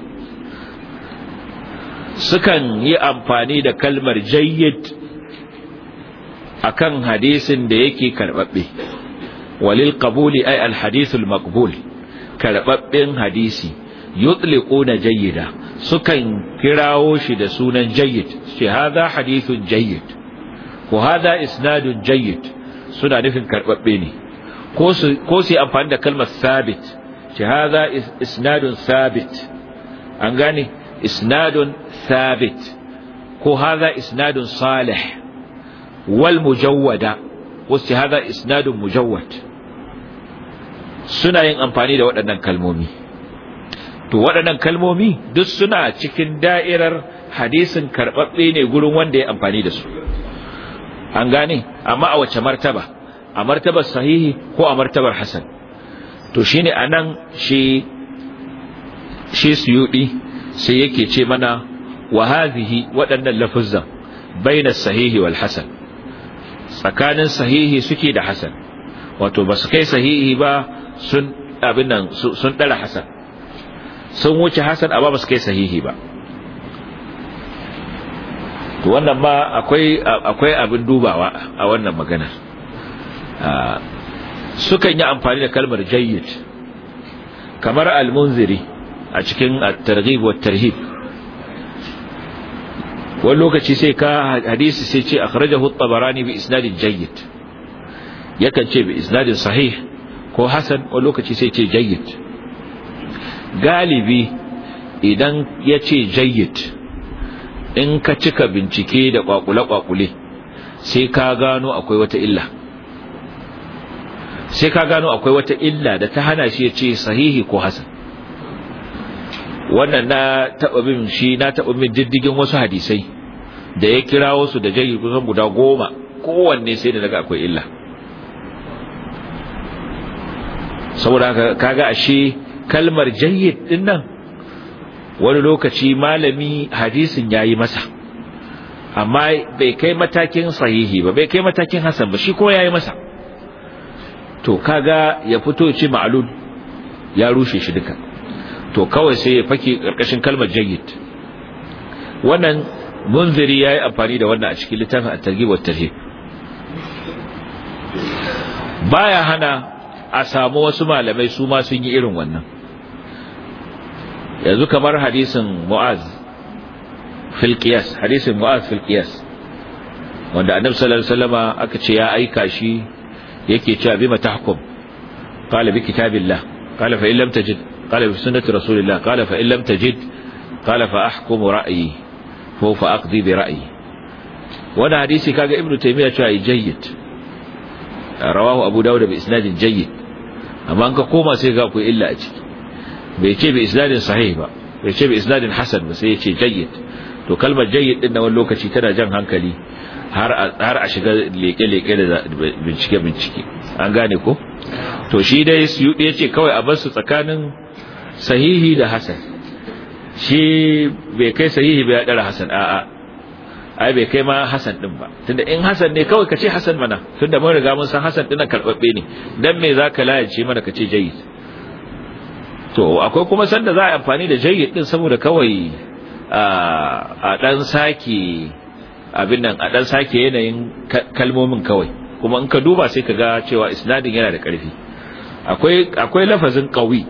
سكن يأمفاني دا كلمة جيد أكن حديث دا يكي كرببي وللقبول أي الحديث المقبول كرببين حديثي يطلقون جيدا سكن كراوش دا سونا جيد هذا حديث جيد وهذا إسناد جيد suna nufin karɓaɓɓe ne ko su ko amfani da kalmar sabit ce haza isnadun sabit an gane isnadun sabit ko haza isnadun salih wal mujawwada ko su haza isnadun mujawwad suna yin amfani da waɗannan kalmomi to waɗannan kalmomi duk suna cikin da'irar hadisin karɓaɓɓe ne gurin wanda ya amfani da su an gane amma a wace martaba a martabar sahihi ko a martabar hasan to shine anan shi shi suyudi sai yake ce mana wa hadhihi waɗannan lafuzzan baina sahihi wal hasan tsakanin sahihi suke da hasan wato ba su kai sahihi ba sun abin nan sun dara hasan sun wuce hasan amma ba su kai sahihi ba to wannan ma akwai abin dubawa a wannan magana ah, sukan yi amfani da kalmar jayyid kamar al-munziri a cikin at-targhib wa tarhib wani lokaci sai ka hadisi sai ce akhrajahu at-tabarani bi isnadin jayyid yakan ce bi isnadin sahih ko hasan wani lokaci sai ce jayyid galibi idan ya ce jayyid in ka cika bincike da kwakule-kwakule sai ka gano akwai wata illa sai ka gano akwai wata illa da ta hana shi ya ce sahihi ko hasan wannan na taɓa bin shi na taɓa bin diddigin wasu hadisai da ya kira wasu da jayi kusan guda goma kowanne sai da daga akwai illa saboda ga ashe kalmar jayyid din nan wani lokaci malami hadisin ya yi masa amma bai kai matakin sahihi ba bai kai matakin hasan ba shi ko yi masa to kaga ya fito ya ce ya rushe shi duka to kawai sai ya fake karkashin kalmar jayyid wannan munziri yayi amfani da wannan a cikin littafin at-targhib wa tarhib baya hana a samu wasu malamai su ma sun yi irin wannan yanzu kamar hadisin mu'az fil qiyas hadisin mu'az fil wanda annabi sallallahu alaihi wasallama aka ce ya aika shi yake cewa bima tahkum qala bi kitabillah qala fa in lam tajid qala bi sunnati rasulillah qala fa in lam tajid qala fa ahkumu ra'yi ko fa aqdi bi ra'yi wannan hadisi kaga ibnu taymiya cewa jayyid rawahu abu dawud bi isnadin jayyid amma an ka koma sai ga ku illa a ciki bai ce bi isnadin sahih ba bai ce bi isnadin hasan ba sai ya ce jayyid to kalmar jayyid din na wani lokaci tana jan hankali har a shiga leke-leke da bincike-bincike an gane ko to shi dai su ya ce kawai a su tsakanin sahihi da hasan shi bai kai sahihi bai dara hasan a'a ai bai kai ma hasan ɗin ba tunda in hasan ne kawai ka ce hasan mana tunda mun riga mun san hasan ɗin karbabbe ne dan me za ka layace mana ka ce jayyid to akwai kuma sanda za a amfani da jayyid din saboda kawai a dan sake abin nan a dan sake yanayin kalmomin kawai kuma in ka duba sai ka ga cewa isnadin yana da ƙarfi akwai akwai lafazin qawi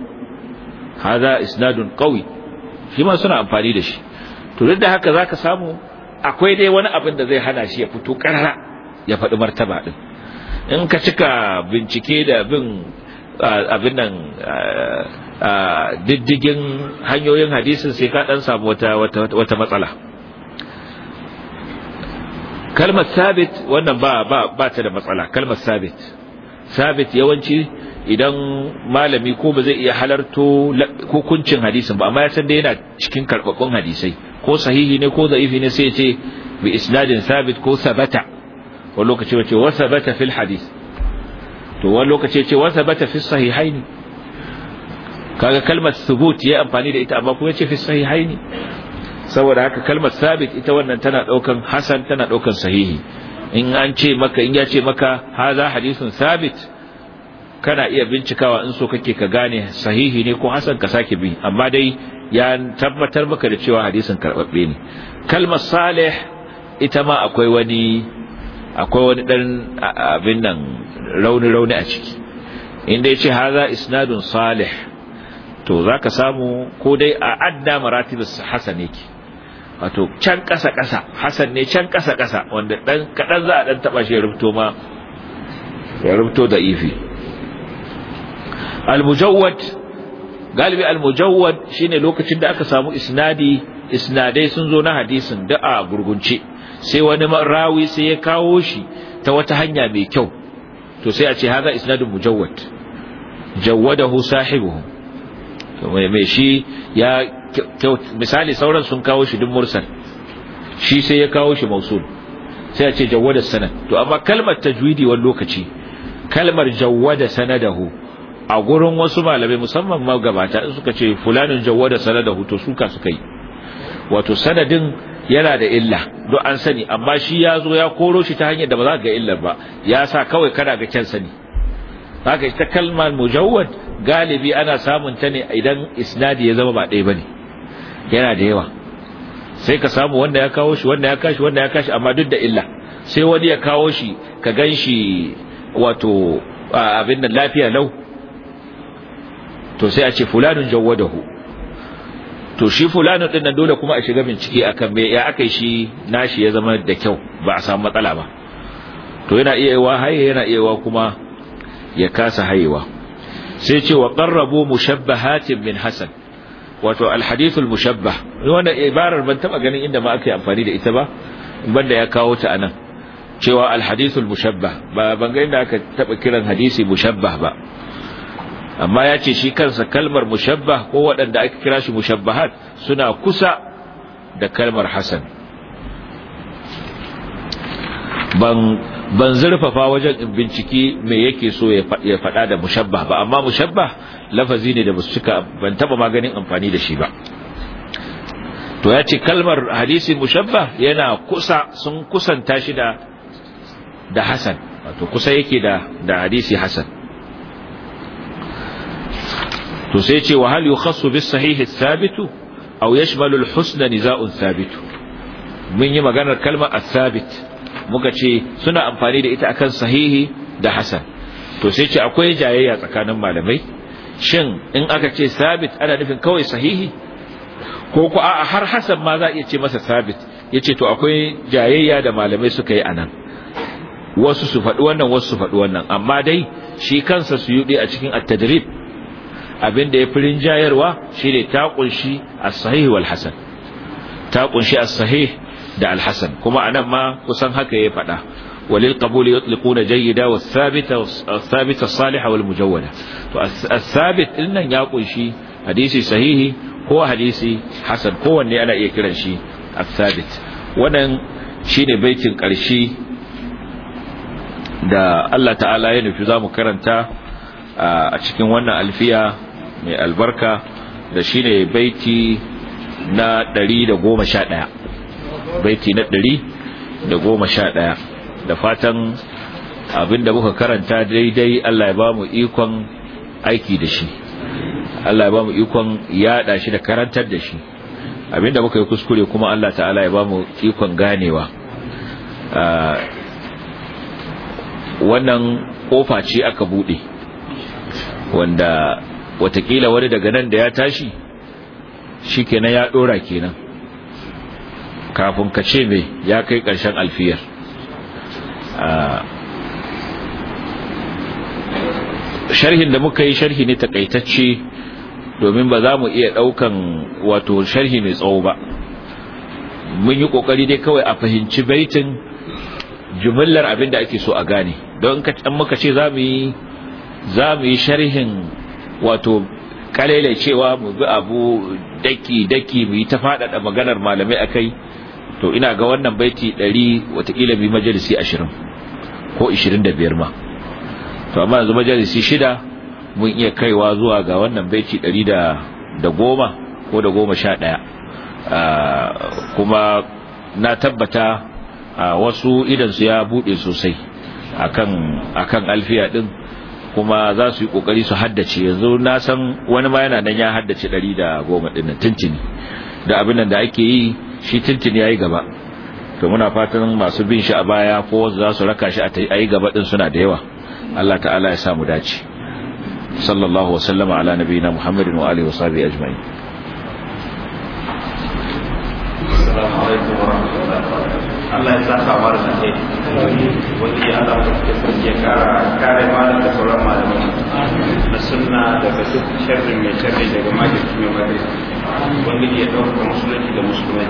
hada isnadun qawi shi ma suna amfani da shi to duk da haka zaka samu akwai dai wani abin da zai hana shi ya fito karara ya faɗi martaba din in ka cika bincike da bin abin nan diddigin hanyoyin hadisin sai ka dan samu wata wata matsala kalmar sabit wannan ba ba ba ta da matsala kalmar sabit sabit yawanci idan malami ko ba zai iya halarto hukuncin hadisin ba amma ya san da yana cikin karbabbun hadisai ko sahihi ne ko za'ifi ne sai ya ce bi isnadin sabit ko sabata wani lokaci wace wa sabata fil hadis to wani lokaci ya ce wa sabata fis sahihaini kaga kalmar subut ya amfani da ita amma kuma yace fi sahihaini saboda haka kalmar sabit ita wannan tana daukan hasan tana daukan sahihi in an ce maka in ya ce maka haza hadisun sabit kana iya bincikawa in so kake ka gane sahihi ne ko hasan ka sake bi amma dai ya tabbatar maka da cewa hadisin karbabbe ne kalmar salih ita ma akwai wani akwai wani dan abin nan rauni rauni a ciki inda yace haza isnadun salih to za ka samu ko dai a adda maratibus hasan yake wato can ƙasa ƙasa hasan ne can kasa kasa wanda ɗan kaɗan za a ɗan taɓa shi ya rubuto ma ya rubuto da ifi al-mujawwad galibi al-mujawwad shine lokacin da aka samu isnadi isnadai sun zo na hadisin da a gurgunce sai wani rawi sai ya kawo shi ta wata hanya mai kyau to sai a ce haza isnadun mujawwad jawwadahu sahibuhu mai shi ya misali sauran sun kawo shi duk mursal shi sai ya kawo shi mausul sai ya ce jawwada sanad to amma kalmar tajwidi wani lokaci kalmar jawwada sanadahu a gurin wasu malamai musamman ma gabata in suka ce fulanin jawwada sanadahu to suka suka yi wato sanadin yana da illa don an sani amma shi ya zo ya koro shi ta hanyar da ba za ga illar ba ya sa kawai kana ga kyan sani haka ita kalmar mujawwad galibi ana samun ta ne idan isnadi ya zama ba ɗaya ba ne. yana da yawa sai ka samu wanda ya kawo shi wanda ya kashi wanda ya kashi amma duk da illa sai wani ya kawo shi ka gan shi wato abin nan lafiya lau to sai a ce fulanun hu. to shi fulanun din nan dole kuma a shiga bincike akan me ya aka shi nashi ya zama da kyau ba a samu matsala ba to yana iya yawa haye yana iya yawa kuma ya kasa hayewa sai ce wa qarrabu mushabbahatin min hasan wato alhadithul mushabbah wannan ibarar ban taba ganin inda ma aka yi amfani da ita ba banda ya kawo ta anan cewa alhadithul mushabbah ba ban ga inda aka taba kiran hadisi mushabbah ba amma ya ce shi kansa kalmar mushabbah ko waɗanda aka kira shi mushabbahat suna kusa da kalmar hasan ban ban zurfafa wajen in binciki me yake so ya faɗa da mushabbah ba amma mushabbah lafazi ne da basu cika ban taba maganin amfani da shi ba to ya ce kalmar hadisi mushabbah yana kusa sun kusanta shi da da hasan wato kusa yake da da hadisi hasan to sai ce wa hal yukhassu bis sahih athabit aw yashmalu al-husna niza'un thabit mun yi maganar kalmar athabit muka ce suna amfani da ita akan sahihi da hasan to sai ce akwai jayayya tsakanin malamai shin in aka ce sabit ana nufin kawai sahihi ko ku a har hasan ma za a iya ce masa sabit ce to akwai jayayya da malamai suka yi anan wasu su faɗi wannan wasu su faɗi wannan amma dai shi kansa su yuɗe a cikin at-tadrib abin da ya fi rinjayarwa shine ta kunshi as-sahih wal hasan ta kunshi as-sahih da al kuma kuma anan ma kusan haka ya faɗa walil qabul yutliquna jayyida was thabita thabita wal mujawwada to as-sabit nan ya kunshi hadisi sahihi ko hadisi hassan kowanne ana iya kiran shi as-sabit wannan shine baitin ƙarshe da Allah ta'ala ya nufi zamu karanta a cikin wannan alfiya mai albarka da shine baiti na 111 baiti na ɗari da goma sha ɗaya da fatan abinda muka karanta daidai Allah ya ba mu ikon aiki da shi Allah ya ba mu ikon yaɗa shi da karantar da shi abinda muka yi kuskure kuma Allah ta'ala ya ba mu ikon ganewa ah, wannan kofa ce aka buɗe wanda watakila wani daga nan da ya tashi shi kenan ya ɗora kenan kafin ka ce mai ya kai ƙarshen alfiyar sharhin da muka yi sharhi ne takaitacce domin ba za mu iya ɗaukan wato sharhi mai tsawo ba mun yi ƙoƙari dai kawai a fahimci baitin jumillar abin da ake so a gane don in muka ce za mu yi za mu yi sharhin wato kalele cewa mu bi abu daki daki mu yi ta faɗaɗa maganar malamai a kai. to ina ga wannan baiti 100 watakila bi majalisi 20 ko 25 ma to amma yanzu majalisi shida mun iya kaiwa zuwa ga wannan baiti 110 da goma ko da goma sha ɗaya ah, kuma na tabbata ah, wasu idansu ya buɗe sosai akan alfiya ɗin kuma za su yi ƙoƙari su haddace yanzu na san wani ma yana nan ya haddace 110 da goma tuntuni da abin da ake yi shi ya yi gaba to muna fatan masu bin shi a baya ko wasu za su raka shi a yi gaba din suna da yawa Allah ta'ala ya sa mu dace sallallahu wasallama ala nabiyina muhammadin wa alihi wa sahbihi ajma'in Allah ya saka wa da kai wani ya Allah ka cikin sarki ya kara kare malam da sauran malamai na sunna daga duk sharri mai sharri daga majalisar mai majirci wani ya dauka musulunci da musulmai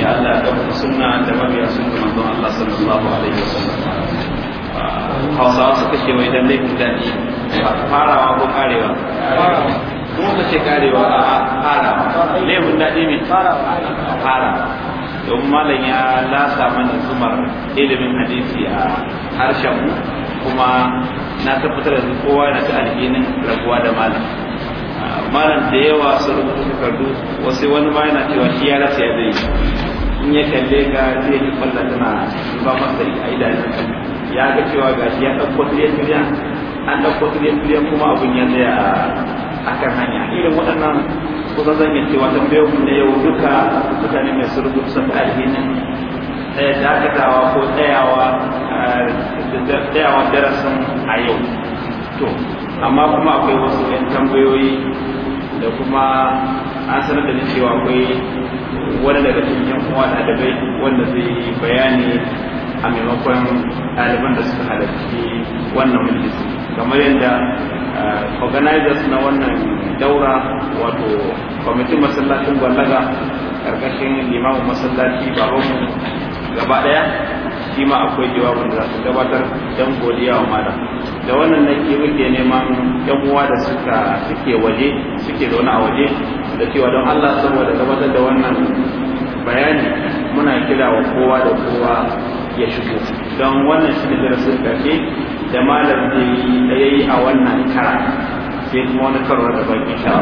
ya Allah ya ɗaukaka sunna da mabiya sunna manzon Allah sallallahu alaihi wasallam ah, hausawa suka ce mai dan laifin daɗi farawa ko karewa kuma ka ce karewa a fara laifin daɗi mai fara don malam ya lasa mana zumar ilimin hadisi a harshen mu kuma na tabbatar da kowa na ta alhinin rabuwa da malam ah, malam da yawa sun rubuta takardu wasu wani ma yana cewa shi ya rasa ya zai in ya kalle ga zai yi kwalla tana ba masa a idanun ya ga cewa ga shi ya ɗauko tiriyan tiriyan an ɗauko tiriyan tiriyan kuma abin ya zai a kan hanya irin waɗannan kusa zan yi cewa tambayoyin da yau duka mutane mai surutu sun fi alhinin dakatawa ko tsayawa eh, tayawa darasin a yau to amma kuma akwai wasu yan tambayoyi da kuma an sanar da cewa akwai wani daga cikin yan uwa ɗalibai wanda zai yi bayani a maimakon ɗaliban da suka halarci wannan majalisa kamar yadda eh, organizers na wannan daura wato kwamitin masallacin gwallaga karkashin limamin masallaci babanmu gaba daya shi ma akwai jawabin da za su gabatar don godiya wa malam da wannan na ke muke neman yan uwa da suka suke waje suke zaune a waje da cewa don Allah saboda gabatar da wannan bayani muna kira wa kowa da kowa ya shigo don wannan shi ne darasin karfe da malam da ya yi a wannan kara sai kuma wani karo da baki sha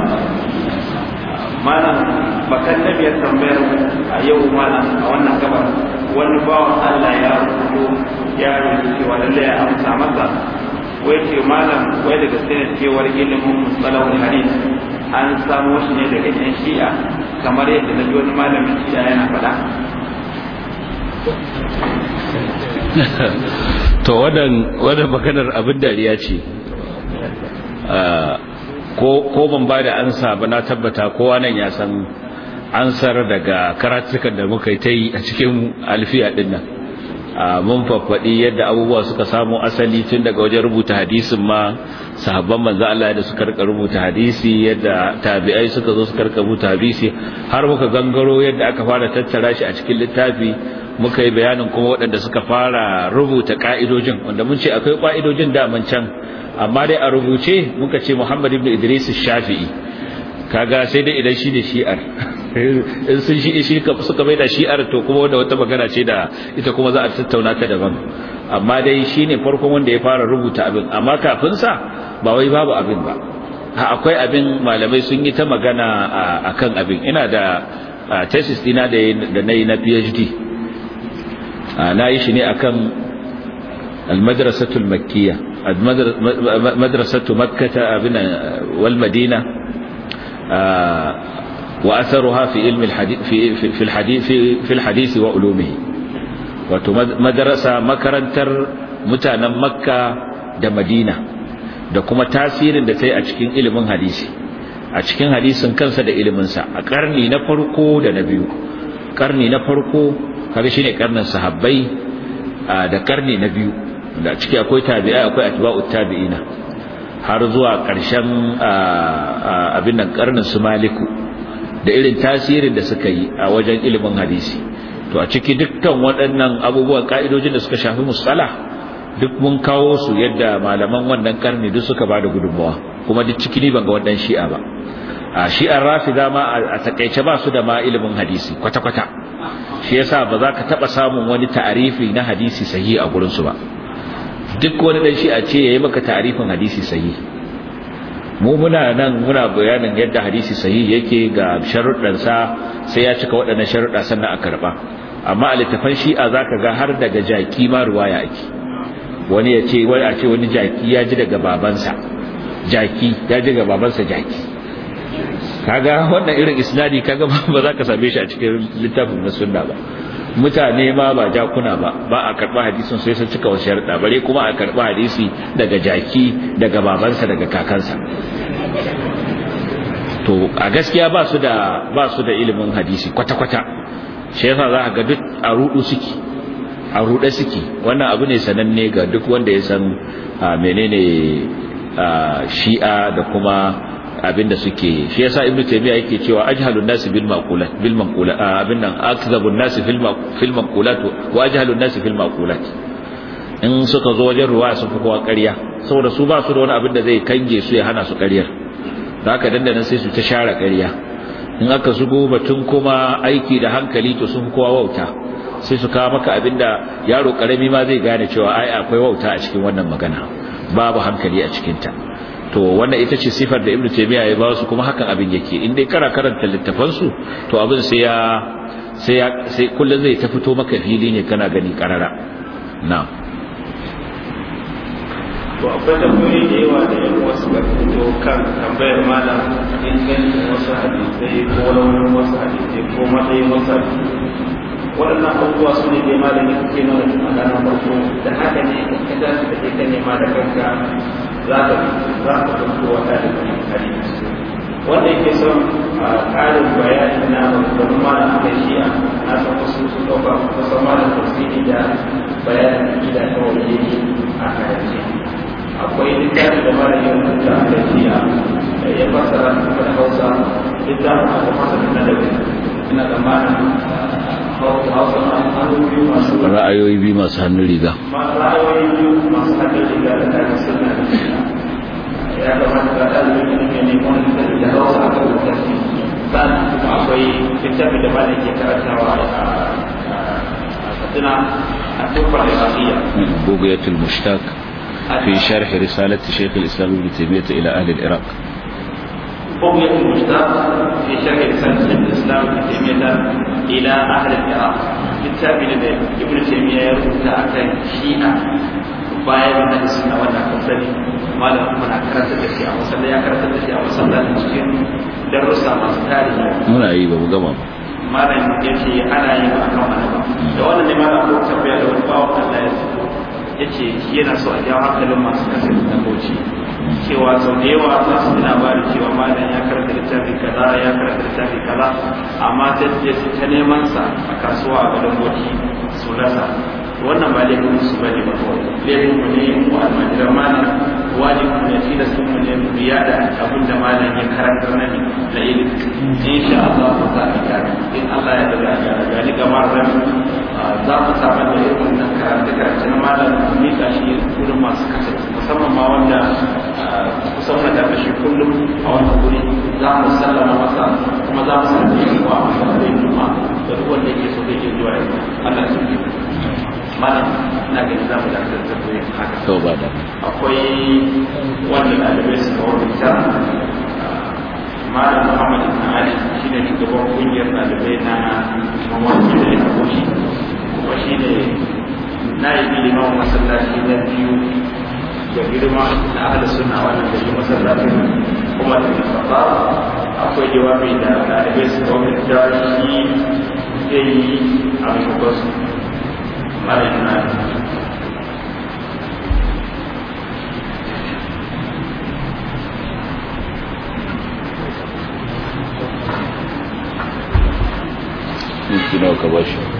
malam bakan na biyar tambayar a yau malam a wannan gabar wani bawan Allah ya rubuto ya rubuto cewa lallai ya amsa masa wai ce malam wai daga sanin cewar ilimin musalawar hadis an samo shi ne daga yan shi'a kamar yadda na wani malamin shi'a yana faɗa to wadan wadan maganar abin dariya ce ko ban ba da ansa ba na tabbata kowa nan ya san ansar daga karatukan da muka yi ta yi a cikin alfiya dinnan mun faffaɗi yadda abubuwa suka samu asali tun daga wajen rubuta hadisin ma sahabban manzo Allah da suka rika rubuta hadisi yadda tabi'ai suka zo suka rika rubuta hadisi har muka gangaro yadda aka fara tattara shi a cikin littafi muka yi bayanin kuma waɗanda suka fara rubuta ka'idojin wanda mun ce akwai ka'idojin da mun can amma dai a rubuce muka ce Muhammad ibn Idris Shafi'i kaga sai dai idan shi ne shi'ar in sun shi shi suka mai da shi'ar to kuma wanda wata magana ce da ita kuma za a tattauna ta daban amma dai shi ne farkon wanda ya fara rubuta abin amma kafin sa ba wai babu abin ba akwai abin malamai sun yi ta magana akan abin ina da thesis dina da da nai na PhD na yi shi ne akan al-madrasatul makkiyya madrasatu makkata abin wal madina وأثرها في علم الحديث في في الحديث في, في الحديث وعلومه ومدرسة da Madina da kuma tasirin da ta yi a cikin ilimin hadisi a cikin hadisin kansa da iliminsa a karni na farko da na biyu karni na farko kaga shine karnin sahabbai da karni na biyu da ciki akwai tabi'ai akwai atba'ut tabi'ina har zuwa ƙarshen abin nan karnin su maliku da irin tasirin da suka yi a wajen ilimin hadisi to a ciki dukkan waɗannan abubuwan ƙa'idojin da suka shafi musala duk mun kawo su yadda malaman wannan ƙarni duk suka ba da gudunmawa kuma duk ciki ni ban ga wannan shi'a ba a shi'ar za ma a takaice ba su da ma ilimin hadisi kwata-kwata shi yasa ba za ka taɓa samun wani ta'arifi na hadisi sahi a gurinsu ba duk wani dan shi'a ce yayi maka tarifin hadisi sahihi mu muna nan muna bayanin yadda hadisi sahihi yake ga sharuɗan sa sai ya cika waɗannan sharuɗa sannan a karba amma a shi shi'a zaka ga har daga jaki ma ruwaya ake wani ya ce wani a ce wani jaki ya ji daga babansa jaki ya ji daga babansa jaki kaga wannan irin isnadi kaga ba za ka same shi a cikin littafin na sunna ba mutane ma ba jakuna ba ba a karɓa hadisin sai sun cika wasu yarda bare kuma a karɓa hadisi daga jaki daga babansa daga kakansa to a gaskiya ba su da ba su da ilimin hadisi kwata kwata shi yasa za ga duk a rudu suke a rude suke wannan abu ne sananne ga duk wanda ya san ah, menene ah, shi'a da kuma Abin da suke yi shi yasa ibnu taymiya yake cewa ajhalun nasi bil maqulat bil maqula abin nan akzabun nasi fil fil manqulat wa ajhalun nasi fil maqulat in suka zo wajen ruwa sun fi ƙarya saboda su ba su da wani abin da zai kange su ya hana su ƙaryar da haka dandanan sai su ta share ƙarya in aka shigo batun kuma aiki da hankali to sun fi kowa wauta sai su kawo maka abin da yaro ƙarami ma zai gane cewa ai akwai wauta a cikin wannan magana babu hankali a cikinta to wannan ita ce sifar da ibnu taymiya ya ba su kuma hakan abin yake in dai kara karanta littafan su to abin sai ya sai ya sai kullun zai ta fito maka fili ne kana gani karara na'am to akwai tambayoyi da yawa da yan wasu ka fito kan tambayar malam ingancin wasu hadisai ko wani wasu hadisai ko matsayin wasu hadisai waɗannan abubuwa su ne dai malami kake nuna da haka ne ka tashi da ke ma da kanka za ka za ka fito wata da kuma kare wanda yake son ƙarin bayani na wani malam da shi a na san wasu su ɗauka kusan malam tafsiri da bayanin gida ta waje a karance akwai littafi da malam ya rubuta a tafiya ya fasara da hausa littafin a kuma sanar da ina tsammanin رأيوي بما سنلي دا بوقية المشتاق في شرح رسالة شيخ الإسلام ابن تيمية إلى أهل العراق بغية المشتاق في شرح لسان الإسلام ابن إلى أهل العراق da ibn ya rubuta bayan na sunna wanda malam karanta da shi a masallaci ya karanta da shi a cikin darussa masu tarihi muna yi ba mu gama ba malam ya ce ne malam da wani Allah ya yana so a jawo hankalin masu kasance da bauchi cewa sau da yawa ta su da cewa malam ya karanta littafi kaza ya karanta littafi kaza amma ta je su ta neman sa a kasuwa a garin godi su rasa wannan ba laifin su ba ne ba kawai laifin mu ne mu almajiran malam wajibin ne shi da sun mu ne mu biya da abin da malam ya karanta na ne na ilimi insha Allah ku za a ta in Allah ya daga ya daga ni gamar ran ah, za mu samu da irin wannan karanta karanta na malam mu mika shi wurin masu kasance musamman ma wanda ah, kusan na tafi shi kullum a wannan guri za mu sallama masa kuma za mu sallama shi wa masallin juma da duk wanda yake so zai iya zuwa ya Allah su yi malam ina ganin za mu da ta tafi haka to ba da akwai wanda ɗalibai suka rubuta ah, malam Muhammad ibn Ali shine gaban kungiyar bai na mawaki da ya kuma shi ne na yi limamin masallaci na biyu da girma na ahal suna wannan da yi masallacin kuma da kafa akwai jawabi da ɗalibai su kawai da shi ke yi a maimakon su malin na Thank you.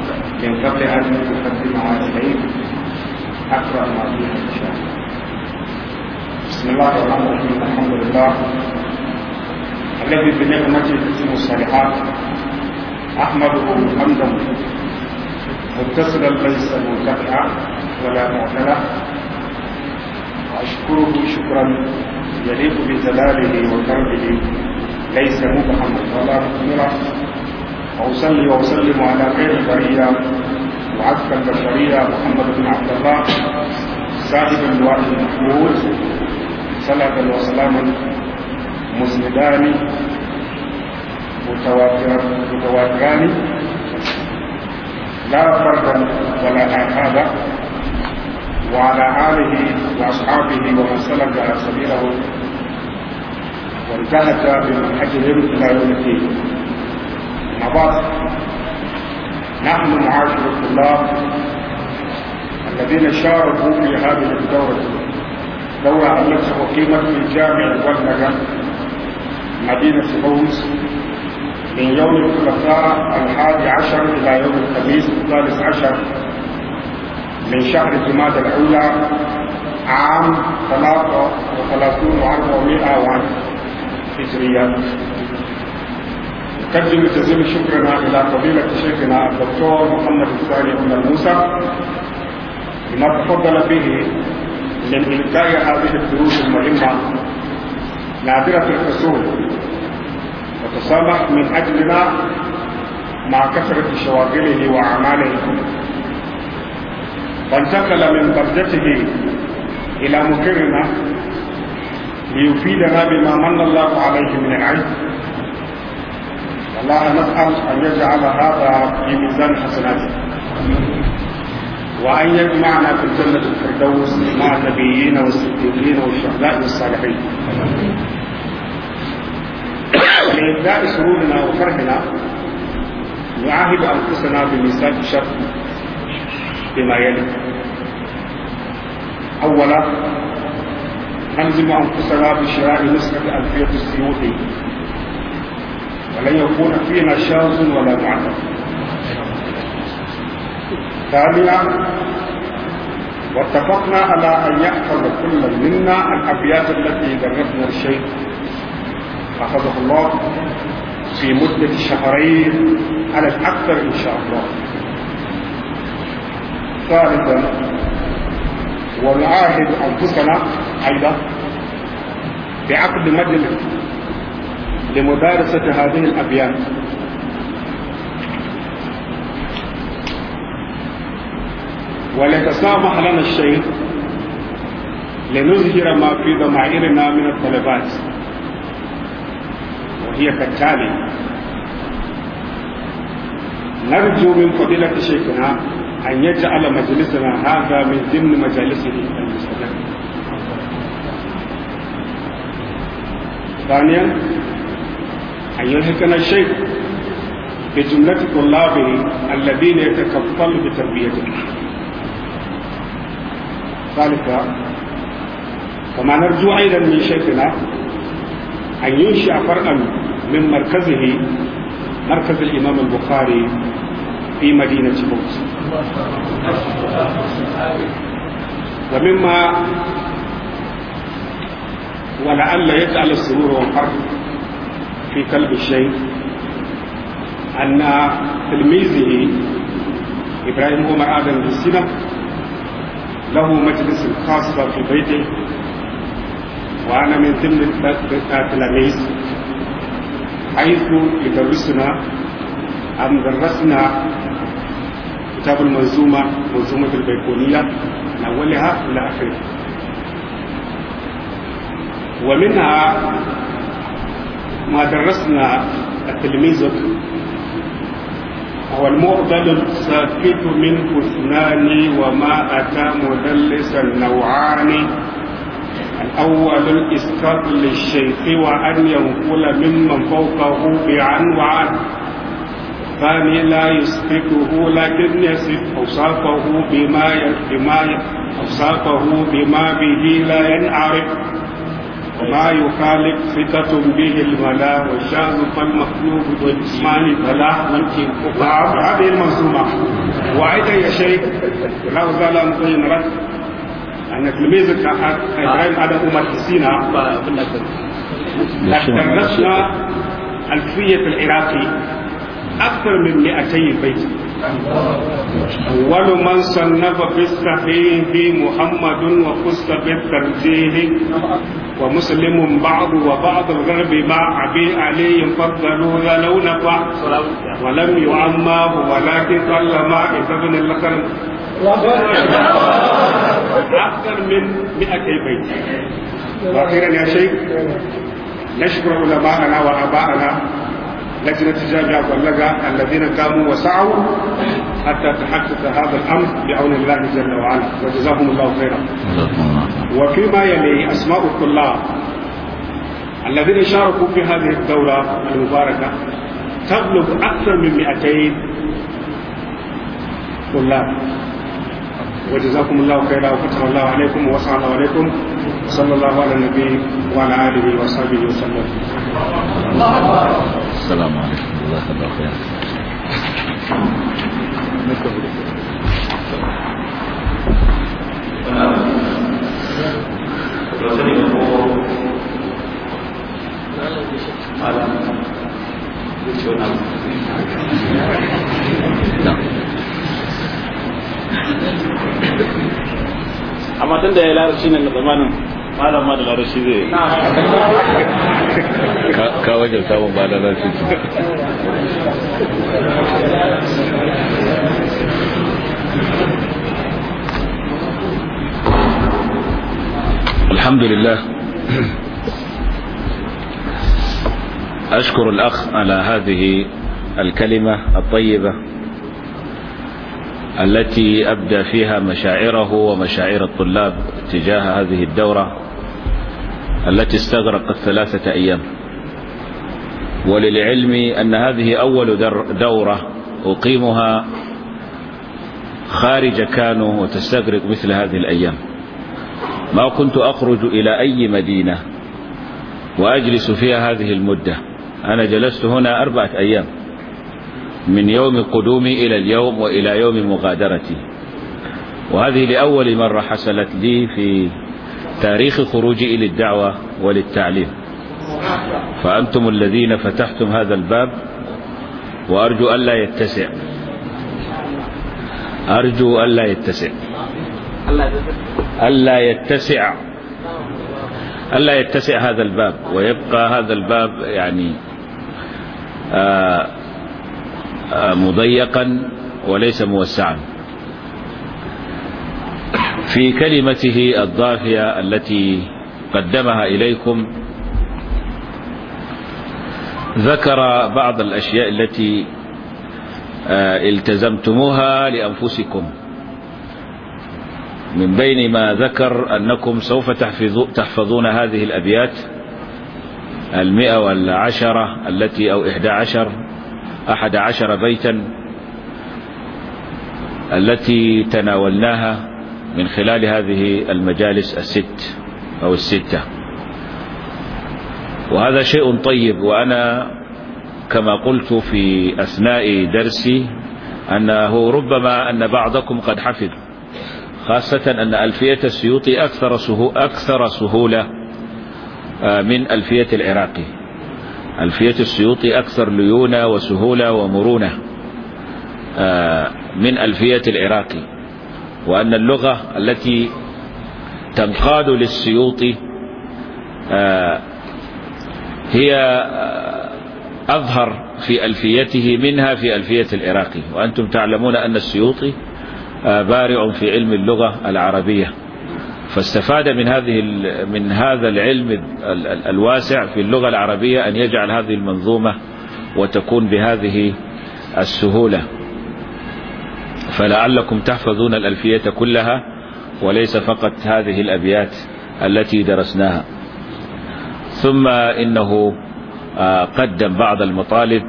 من قبل أن أقدمها إليك أقرأ ما فيها إن شاء الله بسم الله الرحمن الرحيم الحمد لله الذي بنعمته تتم الصالحات أحمده حمدا متصلا ليس منقطعا ولا معتلا أشكره شكرا يليق بجلاله وكرمه ليس مبهما ولا مثمرا وأصلي وأسلم على خير البرية وعبد البشرية محمد بن عبد الله صاحب اللواء المحمود صلاة وسلاما مسندان متواتران لا فردا ولا آحادا وعلى آله وأصحابه ومن سلك سبيله وانتهت بمنهجهم إلى يوم الدين مع نحن معاشر الطلاب الذين شاركوا في هذه الدورة دورة التي أقيمت في جامع البرمجة مدينة بوز من يوم الثلاثاء الحادي عشر إلى يوم الخميس الثالث عشر من شهر جماد الأولى عام ثلاثة وثلاثون وأربعمائة وعشر هجرية تقدم جزيل شكرنا إلى فضيلة شيخنا الدكتور محمد الثاني بن موسى لما تفضل به من إلقاء هذه الدروس المهمة نادرة الحصول وتصالح من أجلنا مع كثرة شواغله وأعماله وانتقل من درجته إلى مكرنا ليفيدنا بما من الله عليه من العلم الله نسأل أن يجعل هذا في ميزان حسناته وأن يجمعنا في الجنة الفردوس مع النبيين والصديقين والشهداء والصالحين لإبداء سرورنا وفرحنا نعاهد أنفسنا بميزان الشر بما يلي أولا نلزم أنفسنا بشراء نسخة ألفية السيوطي ولن يكون فينا شاذ ولا معنى ثانيا واتفقنا على أن يحفظ كل منا الأبيات التي درسنا الشيخ حفظه الله في مدة شهرين على الأكثر إن شاء الله ثالثا ونعاهد أنفسنا أيضا بعقد مجلس لمدارسة هذه الأبيات وليتسامح لنا الشيخ لنظهر ما في ضمائرنا من الطلبات وهي كالتالي نرجو من فضيلة شيخنا أن يجعل مجلسنا هذا من ضمن مجالسه المستقبل ثانيا أن يلهكنا الشيء بجملة طلابه الذين يتكفل بتربيته ذلك كما نرجو أيضا من شيخنا أن ينشئ فرعا من مركزه مركز الإمام البخاري في مدينة بوكس ومما ولعل يجعل السرور والفرح في كلب الشيء أن تلميذه إبراهيم عمر آدم بالسنة له مجلس خاص في بيته وأنا من ضمن التلاميذ حيث يدرسنا أم درسنا كتاب المنظومة منظومة البيكونية من أولها إلى آخره ومنها ما درسنا تلميذك هو المعضل الساكت منه اثنان وما أتى مدلسا نوعان الأول الإسقاط للشيخ وأن ينقل ممن فوقه بعن وعن الثاني لا يسقطه لكن يسب أوصافه بما بما أوصافه بما به لا ينعرف ما يخالف فتة به الولاء والشأن فالمطلوب والإيمان فلا ممكن نعم. هذه المنظومة وأيضا يا شيخ لو ظلم طين رد أن تلميذك إبراهيم على أمة سينا لقد درسنا ألفية العراقي أكثر من 200 بيت أول من صنف في الصحيح محمد وخص بالترجيح ومسلم بعض وبعض الغرب مع أبي علي فضلوا يلون بعض ولم يعمه ولكن قال ما بن القرن أكثر من مئة بيت وأخيرا يا شيخ نشكر علماءنا وآباءنا لجنة الجامعة واللقاء الذين قاموا وسعوا حتى تحقق هذا الأمر بعون الله جل وعلا وجزاهم الله خيرا. وفيما يلي أسماء الطلاب الذين شاركوا في هذه الدورة المباركة تبلغ أكثر من 200 طلاب وجزاكم الله خيرا وفتح الله عليكم ووسع الله عليكم صلى الله على النبي وعلى آله وصحبه وسلم السلام عليكم الله وبركاته amma tun da ya larashi nan da zamanin malam ma da larashi zai ka wajen samun ba da larabci الحمد لله أشكر الأخ على هذه الكلمة الطيبة التي أبدى فيها مشاعره ومشاعر الطلاب تجاه هذه الدورة التي استغرقت ثلاثة أيام وللعلم أن هذه أول دورة أقيمها خارج كانو وتستغرق مثل هذه الأيام ما كنت أخرج إلى أي مدينة وأجلس فيها هذه المدة أنا جلست هنا أربعة أيام من يوم قدومي إلى اليوم وإلى يوم مغادرتي وهذه لأول مرة حصلت لي في تاريخ خروجي إلى الدعوة وللتعليم فأنتم الذين فتحتم هذا الباب وأرجو ألا يتسع أرجو ألا يتسع ألا يتسع ألا يتسع هذا الباب ويبقى هذا الباب يعني آآ آه، آآ آه، مضيقا وليس موسعا في كلمته الضافية التي قدمها إليكم ذكر بعض الأشياء التي آه، التزمتموها لأنفسكم من بين ما ذكر أنكم سوف تحفظون هذه الأبيات المئة والعشرة التي أو إحدى عشر أحد عشر بيتا التي تناولناها من خلال هذه المجالس الست أو الستة وهذا شيء طيب وأنا كما قلت في أثناء درسي أنه ربما أن بعضكم قد حفظ خاصة أن ألفية السيوطي أكثر أكثر سهولة آه، من ألفية العراقي ألفية السيوطي أكثر ليونة وسهولة ومرونة آه، من ألفية العراقي وأن اللغة التي تنقاد للسيوطي آه، هي أظهر في ألفيته منها في ألفية العراقي وأنتم تعلمون أن السيوطي آه، بارع في علم اللغة العربية فاستفاد من هذه من هذا العلم الواسع في اللغة العربية أن يجعل هذه المنظومة وتكون بهذه السهولة فلعلكم تحفظون الألفية كلها وليس فقط هذه الأبيات التي درسناها ثم إنه آه، قدم بعض المطالب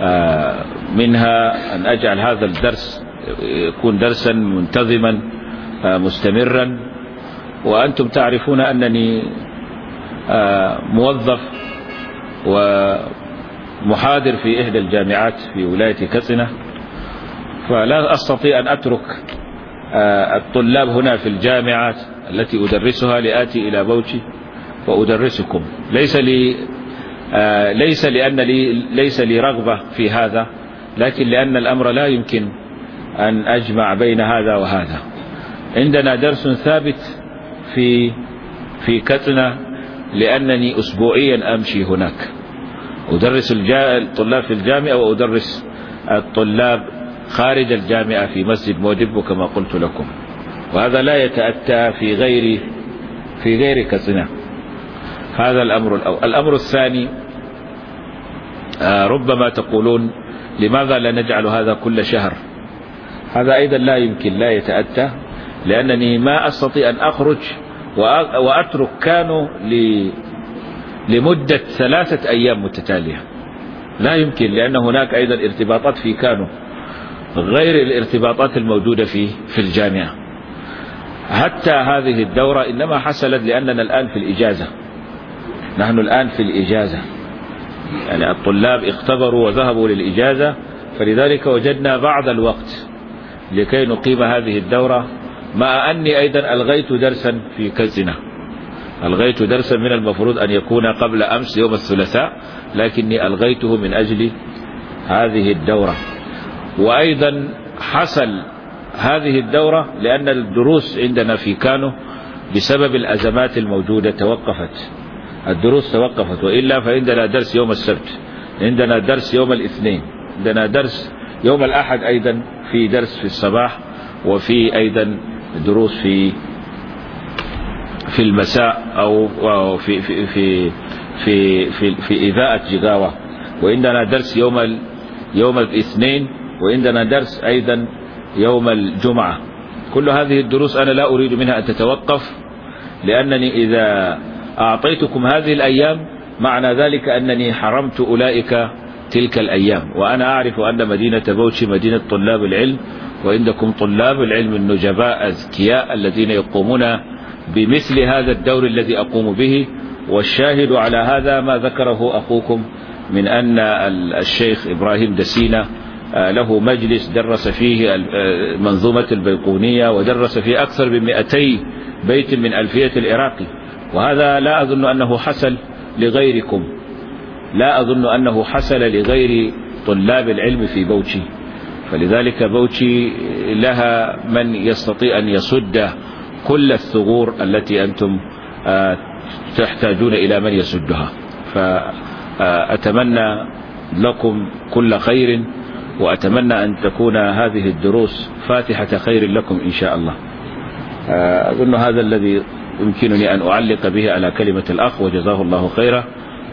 آه، منها أن أجعل هذا الدرس يكون درسا منتظما آه، مستمرا وأنتم تعرفون أنني آه، موظف ومحاضر في إحدى الجامعات في ولاية كسنة فلا أستطيع أن أترك آه، الطلاب هنا في الجامعات التي أدرسها لآتي إلى بوتي وأدرسكم ليس لي ليس لأن لي ليس لي رغبة في هذا لكن لأن الأمر لا يمكن أن أجمع بين هذا وهذا عندنا درس ثابت في في كتنة لأنني أسبوعيا أمشي هناك أدرس الطلاب في الجامعة وأدرس الطلاب خارج الجامعة في مسجد موجب كما قلت لكم وهذا لا يتأتى في غير في غير كتنة هذا الأمر الأول الأمر الثاني آه، ربما تقولون لماذا لا نجعل هذا كل شهر هذا أيضا لا يمكن لا يتأتى لأنني ما أستطيع أن أخرج وأترك كانوا لمدة ثلاثة أيام متتالية لا يمكن لأن هناك أيضا ارتباطات في كانو غير الارتباطات الموجودة في في الجامعة حتى هذه الدورة إنما حصلت لأننا الآن في الإجازة نحن الآن في الإجازة يعني الطلاب اختبروا وذهبوا للإجازة فلذلك وجدنا بعض الوقت لكي نقيم هذه الدورة مع أني أيضا ألغيت درسا في كزنة ألغيت درسا من المفروض أن يكون قبل أمس يوم الثلاثاء لكني ألغيته من أجل هذه الدورة وأيضا حصل هذه الدورة لأن الدروس عندنا في كانو بسبب الأزمات الموجودة توقفت الدروس توقفت وإلا فعندنا درس يوم السبت عندنا درس يوم الاثنين عندنا درس يوم الأحد أيضا في درس في الصباح وفي أيضا دروس في في المساء أو في في في في في, في إذاءة جداوة وعندنا درس يوم يوم الاثنين وعندنا درس أيضا يوم الجمعة كل هذه الدروس أنا لا أريد منها أن تتوقف لأنني إذا أعطيتكم هذه الأيام معنى ذلك أنني حرمت أولئك تلك الأيام وأنا أعرف أن مدينة بوشي مدينة طلاب العلم وعندكم طلاب العلم النجباء أذكياء الذين يقومون بمثل هذا الدور الذي أقوم به والشاهد على هذا ما ذكره أخوكم من أن الشيخ إبراهيم دسينة آه، له مجلس درس فيه آه، منظومة البيقونية ودرس فيه أكثر من 200 بيت من ألفية العراقي وهذا لا أظن أنه حصل لغيركم لا أظن أنه حصل لغير طلاب العلم في بوتشي فلذلك بوتشي لها من يستطيع أن يسد كل الثغور التي أنتم آه، تحتاجون إلى من يسدها فأتمنى لكم كل خير وأتمنى أن تكون هذه الدروس فاتحة خير لكم إن شاء الله آه، أظن هذا الذي يمكنني أن أعلق به على كلمة الأخ وجزاه الله خيرا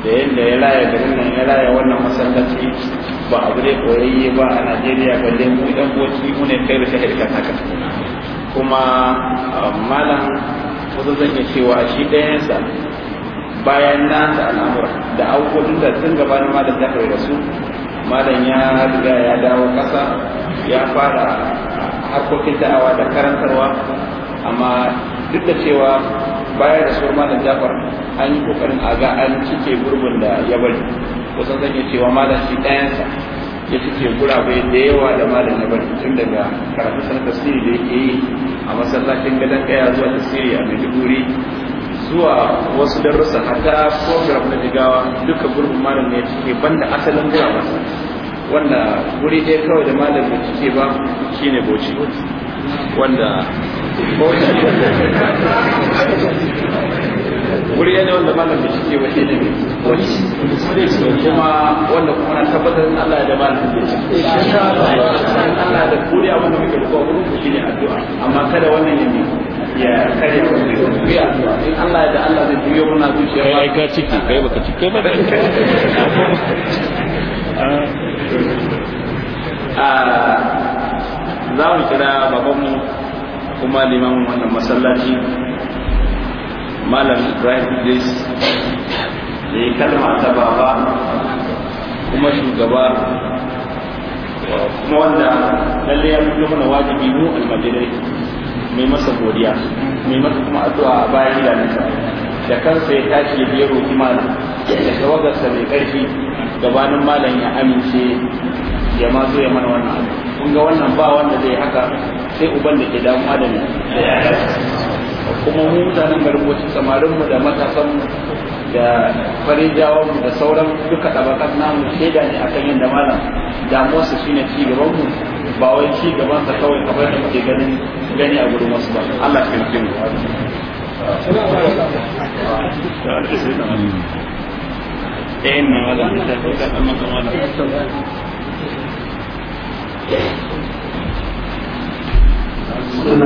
da yadda ya raya garin nan ya raya wannan masallaci ba abu ne koyayye ba a najeriya balle mu dan boci mu ne kai da shahid kan haka kuma um, malam wasu zan yi cewa shi sa bayan na ta al'amura da abubuwan da sun gabanin malam da da su malam ya riga ya dawo kasa ya fara harkokin da'awa da karantarwa amma duk da cewa bayan da suwar malam jafar an yi kokarin a ga an cike gurbin da ya bari kusan zan iya cewa malam shi ɗayansa ya cike gurabe da yawa da malam ya bari tun daga karatu sanar tasiri da yake yi a masallacin gadon kaya zuwa tasiri a maiduguri zuwa wasu darussa hata program na jigawa duka gurbin malam ne cike banda asalin zuwa wanda wuri ɗaya kawai da malam ya cike ba shine bauchi wanda wuri yana wanda malam bai shige wa ilimi wani shi su kuma wanda kuma na tabbatar Allah da malam bai shige Allah da kuri abin da muke da kowa gurin shi addu'a amma kada wannan ya bi ya kare wani bi addu'a in Allah da Allah zai juyo muna zuciya kai ka ciki kai baka ciki kai ba a ah, za mu kira babanmu kuma liman wannan masallaci malam ibrahim idris da ya kalma ta baba kuma shugaba kuma wanda lalle ya fito mana wajibi mu almajirai mai masa godiya mai masa kuma addu'a a bayan gidansa da kansa ya tashi ya biya roƙi malam da tawagarsa mai ƙarfi gabanin malam ya amince ya ma zo ya mana wannan kun ga wannan ba wanda zai haka sai uban da ke damuwa da ni kuma mu mutanen garin wacce samarin mu da matasan mu da farijawan mu da sauran duka tabakan namu shaida ne akan yadda malam damuwar su shine ci gaban mu ba wai ci gaban sa kawai kamar da muke ganin gani a gurin wasu ba Allah ya mu ثم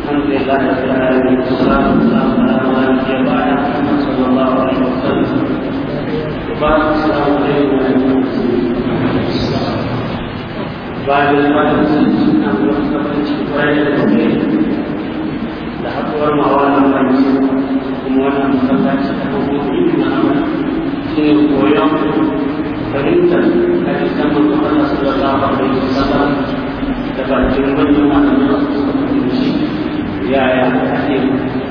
الحمد لله رب العالمين والصلاة والسلام على مالك يوم محمد صلى الله عليه وسلم وبعد السلام عليكم ورحمة الله بعد المال نحن نقبل القرآن الكريم لحق رمضان ونسيكم سنة ويوم fahimtar hadisan manzon Allah sallallahu alaihi wasallam da bakin manyan malaman musulunci yaya ake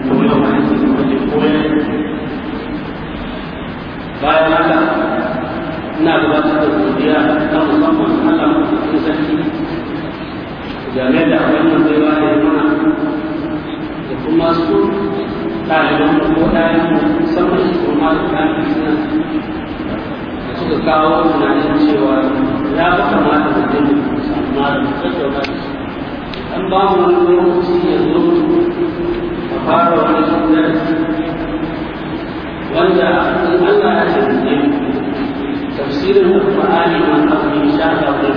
koyon hadisi wajen koyon bayan haka ina gabatar da godiya ta musamman Allah mutum sarki game da abin da zai bada mana da kuma su ɗaliban ko ɗayan musamman su kuma da suka kawo tunanin cewa ya fi kamata da dinga mara da tattauna an ba mu wani lokaci ya zo a fara wani sunan wanda in Allah ya ce da jini tafsirin da kuma Qur'ani ma a ta shafa da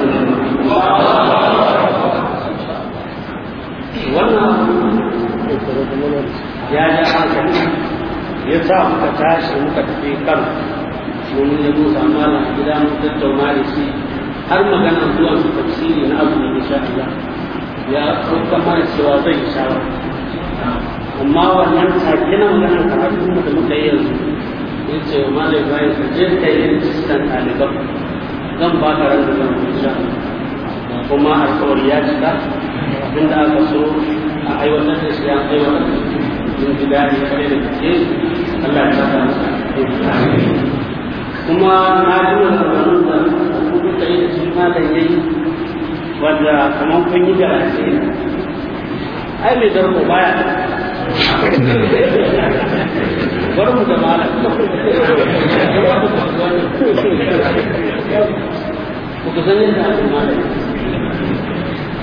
wannan ya ja hankali ya sa muka tashi muka tafi kan domin ya zo zamana a gida mu tattauna da shi har magana zuwa su tafsiri na abu ne insha Allah ya ɗauka mana cewa zai shawara amma wannan take na magana ta har kuma da muka yi yanzu ya ce wa malai bayan ka je ka yi rijistan ɗaliban zan ba ka ran da zan insha kuma alkawari ya cika abinda aka so a aiwatar da shi an aiwatar da shi. Jin ji daɗi kwarai da gaske Allah ya saka masa. Amin. kuma na da sabanin da ta yi da shi ma da yayi kamar kun yi da asiri ai mai zarko baya bar mu da malam ku san yadda malam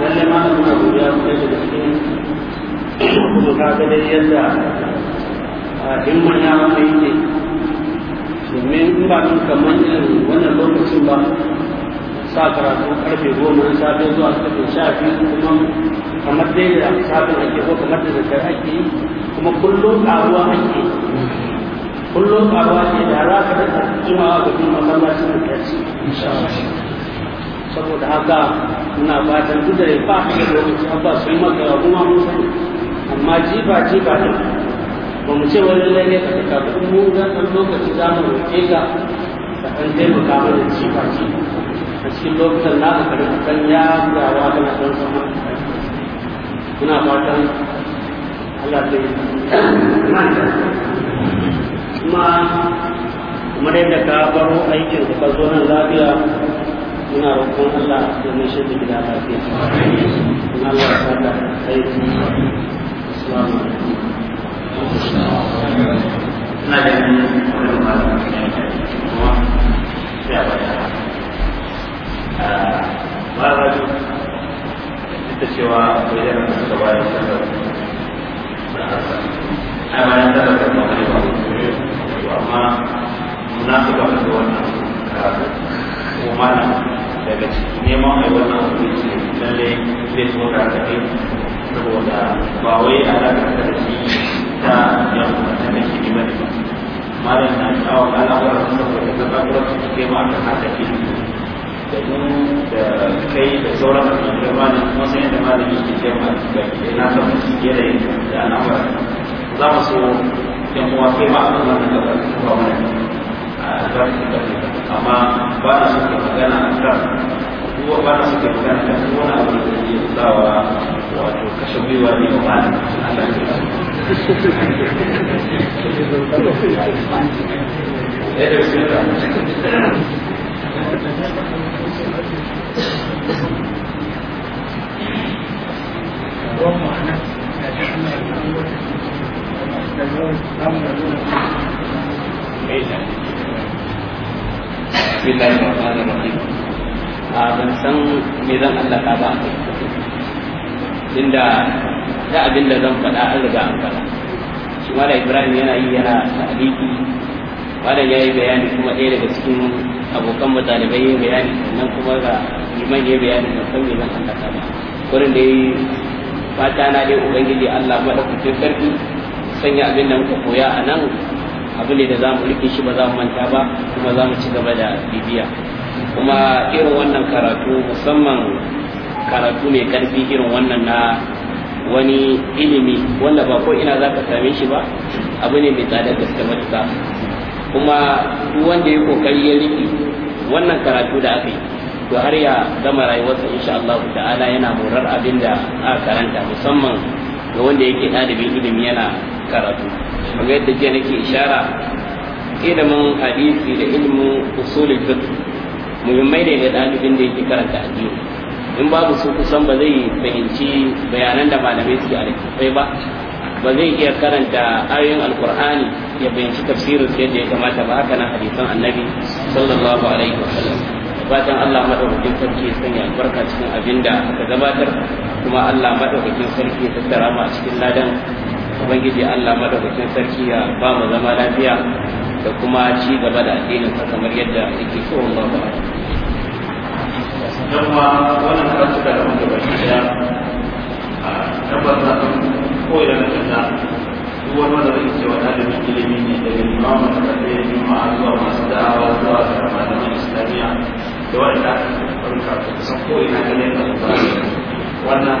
lalle ma su godiya da cikin ka ga dai yadda a himman ya wanda yake domin in ba mun kamar irin wannan lokacin ba sa karatu karfe goma na safe zuwa karfe sha biyu kuma kamar dai da safe ake ko kamar da zakar ake kuma kullum karuwa ake kullum karuwa da ka jimawa ga da saboda haka ina fatan duk da ba a da lokaci abba sun maka kuma mun sani amma ji ba ne ba mu ce wani lalle ka ta kafa kafin mun ga ɗan lokaci za mu roƙe ka ka ɗan taimaka mana ji ba ji a cikin lokutan na a karɓi kan ya gawa da na ɗan sama ina fatan Allah ta yi kuma kuma da ka baro aikin da ka zo nan lafiya muna roƙon Allah da gida lafiya in Allah ya sada sai assalamu alaikum ina da wani da kuma sai a bada ba da cewa da gaba da ai bayan da kuma ba amma wannan karatu kuma daga cikin neman mai wannan asibiti lalle zai so da ta kai saboda ba wai alaƙa da shi ta yan mata da shi ne bane ba malam na sha'awar al'amuran saboda ta zaɓurar su ke ma ta haka ke da da kai da sauran asibitin malam kuma sai da yi ke kai ma da ke na san su ke da yin da al'amuran za mu so yan uwa sai ma a kan wannan gaba su ba mana amma ba na suke magana a kan kuma ba na magana da abu da zai sawa wato kashe gwiwa ne ba na Thank you. billahi rahmanir rahim a ah, ban san me zan allaka ba inda da abin da zan faɗa an riga an faɗa shi mala ibrahim yana yi yana ta'aliki malam ya yi bayani kuma ɗaya daga cikin abokan ɗalibai ya bayani sannan kuma ga liman ya bayani da san me zan allaka ba wurin da ya fata na dai ubangiji allah maɗaukacin sarki sanya abin da muka koya a nan abu ne da za mu rike shi ba za mu manta ba kuma za mu ci gaba da bibiya kuma irin wannan karatu musamman karatu mai karfi irin wannan na wani ilimi wanda ba ko ina za ka same shi ba abu ne mai tsada gaske matuƙa kuma duk wanda ya kokari ya riƙe wannan karatu da aka yi to har ya gama rayuwarsa insha Allah ta'ala yana morar abin da aka karanta musamman ga wanda yake ɗalibin ilimi yana karatu kamar yadda jiya nake ishara ilimin hadisi da ilimin usulul fiqh muhimmai ne da ɗalibin da yake karanta addini in babu su kusan ba zai fahimci bayanan da malamai su a littattafai ba ba zai iya karanta ayoyin alkur'ani ya fahimci tafsirin su yadda ya kamata ba haka na hadisan annabi sallallahu alaihi sallam fatan Allah madaukakin sarki ya sanya albarka cikin abinda da aka gabatar kuma Allah madaukakin sarki ya tattara mu a cikin ladan ubangiji Allah madaukakin sarki ya ba mu zama lafiya da kuma ci gaba da addinin sa kamar yadda yake so Allah ba dan ma wannan karatu da mun gaba shi ya tabbata ko idan da ta duk wani wanda zai ce da da ilimi ne daga limamu da kafe juma'a zuwa masu da'awa zuwa ga malaman islamiya da wanda ta karanta kusan ko ina da ne da wannan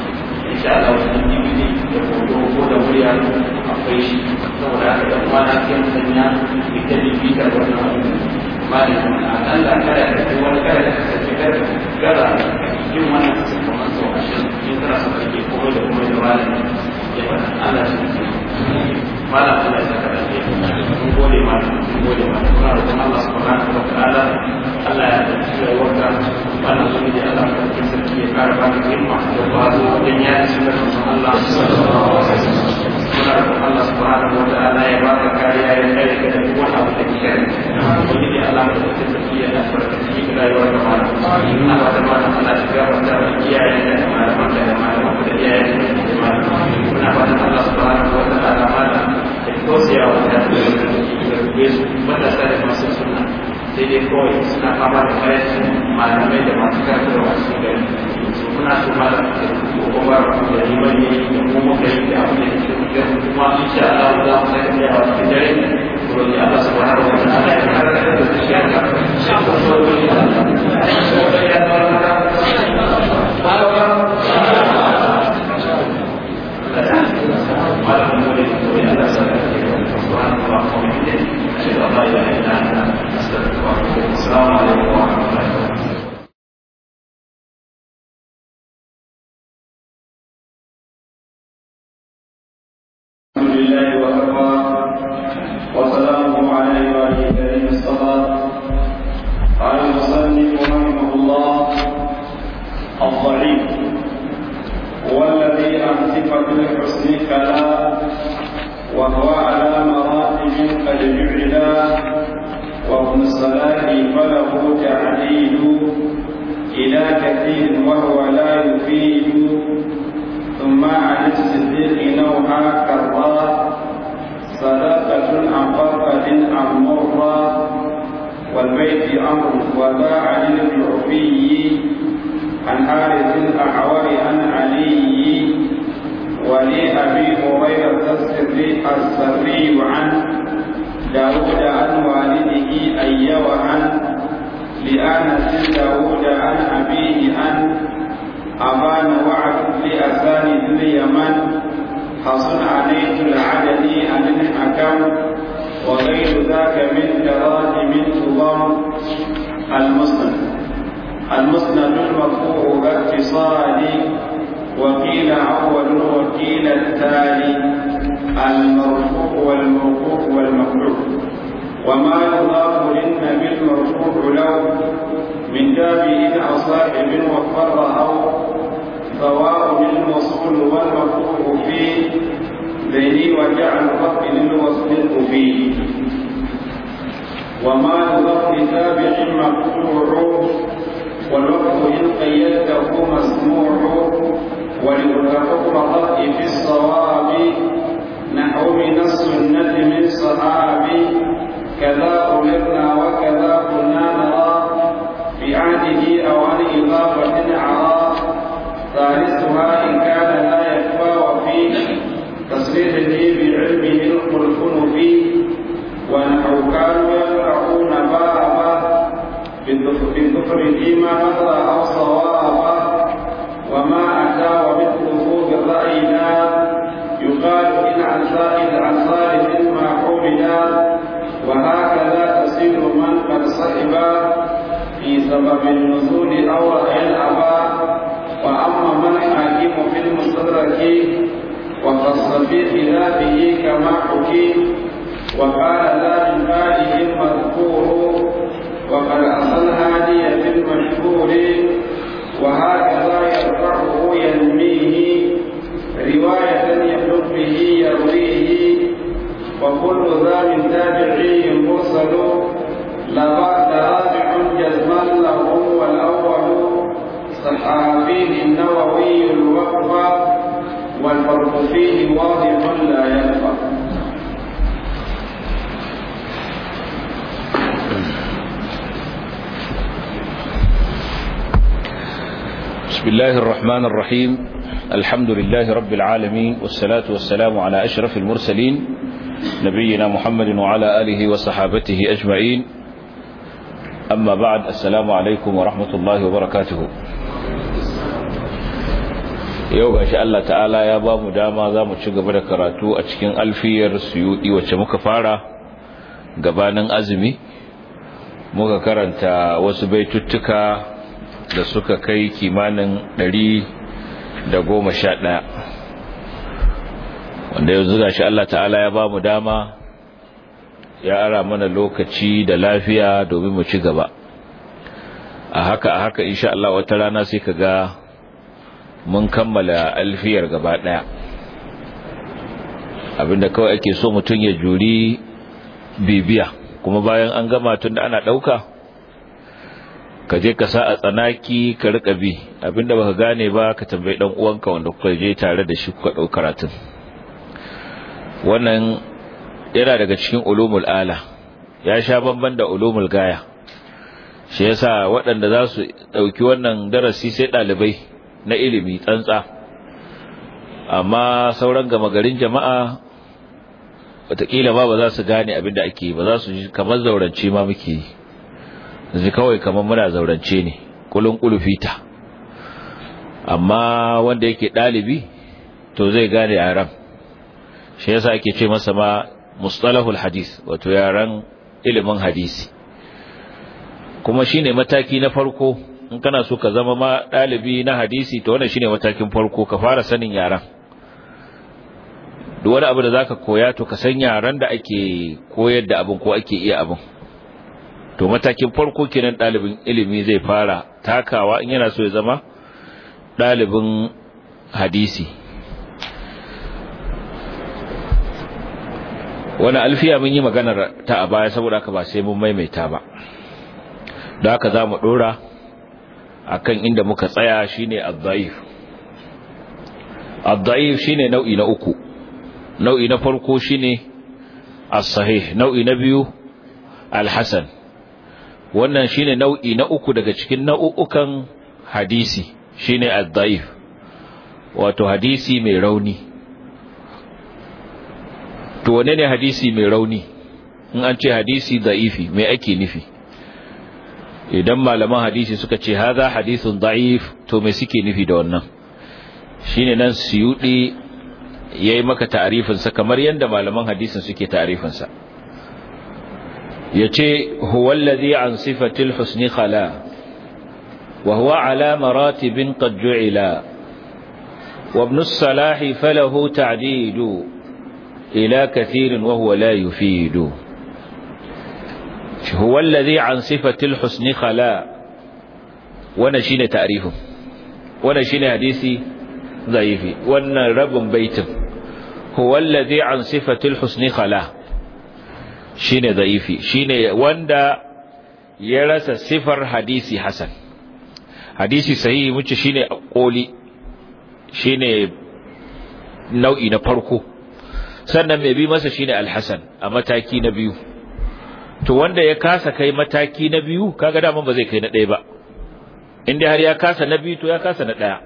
insha Allah wasu da hoto ko da murya akwai shi saboda haka dan uwa na kiyan sanya ita bibitar wannan abu malamin ka kai wani kada ka wannan kasance koyo da kuma da ya Allah shi ne malam Allah ya da ke gode malam gode ma muna roƙon Allah subhanahu ya tafi da wata wannan su ne Allah ka cikin sarki da tambaye su matasa da masu suna sai dai kawai suna fama da kayan malamai da masu karkarwa su gari su muna su ma da kuma da liman ne da kuma kai da abu da ke da kuma insha Allah za mu sake da wasu da dare to ya Allah subhanahu wa ta'ala ya karanta da shi ya ka shi ko so ne والله السلام عليكم ورحمه الله المسند المسند المرفوع باتصال وقيل أول وقيل التالي المرفوع والموقوف والمخلوق وما يضاف للنبي المرفوع له من باب أو صاحب وفر أو سواء الموصول والمرفوع فيه ذيلي وجعل الرفع للوصف فيه وما لوقت تابع مقطوع والوقت إن قيدته مسموع ولأتحكم الرأي في الصواب نحو من السنة من صحابي كذا أمرنا وكذا كنا نرى عبارة بالكفر فيما نظر أو صوابه وما أتى ومثل صوب الرأي لا يقال إن عن زائد عن صالح ما حولنا وهكذا تصير من قد صحبا في سبب النزول أو رأي الأباء وأما من حاكم في المستدرك وخص في خلافه كما حكي وقال لا من بعده المذكور وقد أصل الهادي المشهور وهكذا يرفعه ينميه رواية يحب به يرويه وكل ذا من تابعي مرسل رابع جزما له والأول صحابي النووي الوقف والفرق فيه واضح لا يخفى بسم الله الرحمن الرحيم الحمد لله رب العالمين والصلاة والسلام على أشرف المرسلين نبينا محمد وعلى آله وصحابته أجمعين أما بعد السلام عليكم ورحمة الله وبركاته yau gashi Allah ta'ala ya ba mu dama za mu ci gaba da karatu a cikin alfiyar suyuɗi wacce muka fara gabanin azumi muka karanta wasu baituttuka da suka kai kimanin ɗari da goma sha ɗaya wanda yanzu ga shi Allah ta'ala ya ba mu dama ya ara mana lokaci da lafiya domin mu ci gaba a haka a haka insha Allah wata rana sai ka ga mun kammala alfiyar gaba ɗaya abinda kawai ake so mutum ya juri bibiya kuma bayan an gama tun da ana ɗauka ka je ka sa a tsanaki ka rika bi abinda baka gane ba ka tambayi dan uwanka wanda kuka je tare da shi kuka dau karatun wannan yana daga cikin ulumul ala ya sha bamban da ulumul gaya shi yasa waɗanda za su ɗauki wannan darasi sai ɗalibai na ilimi tsantsa amma sauran gama garin jama'a wataƙila ba ba za su gane abinda da ake ba za su ji kamar zaurance ma muke yi zai kawai kamar muna zaurance ne kulun kulufita amma wanda yake dalibi to zai gane yaran shi yasa ake ce masa ma mustalahul hadis wato yaran ilimin hadisi kuma shine mataki na farko in kana so ka zama ma dalibi na hadisi to wannan shine matakin farko ka fara sanin yaran duk wani abu da zaka koya to ka san yaran da ake koyar da abin ko ake iya abin to matakin farko kenan ɗalibin ilimi zai fara takawa in yana so ya zama ɗalibin hadisi wani alfiya mun yi maganar ta a baya saboda aka ba sai mun maimaita ba da aka za mu ɗora a kan inda muka tsaya shine addaif shi shine nau'i na uku nau'i na farko shine as-sahih nau'i na biyu al-hasan wannan shine nau'i na uku daga cikin nau'ukan hadisi shine ad-da'if wato hadisi mai rauni to wane ne hadisi mai rauni in an ce hadisi da'ifi me ake nufi idan malaman hadisi suka ce haza hadithun da'if to mai suke nufi da wannan shine nan suyudi yayi maka ta'arifin sa kamar yanda malaman hadisin suke ta'arifin sa يتي هو الذي عن صفة الحسن خلا وهو على مراتب قد جعلا وابن الصلاح فله تعديد إلى كثير وهو لا يفيد هو الذي عن صفة الحسن خلا ونشين تعريفه ونشين حديثي ضعيفي ونرب بيته هو الذي عن صفة الحسن خلا shine da'ifi shine wanda ya rasa sifar hadisi hasan hadisi sahihi muce shine koli shine nau'i na farko sannan mai bi masa shine alhasan a mataki na biyu to wanda ya kasa kai mataki na biyu kaga daman ba zai kai na ɗaya ba inda har ya kasa na biyu to ya kasa na ɗaya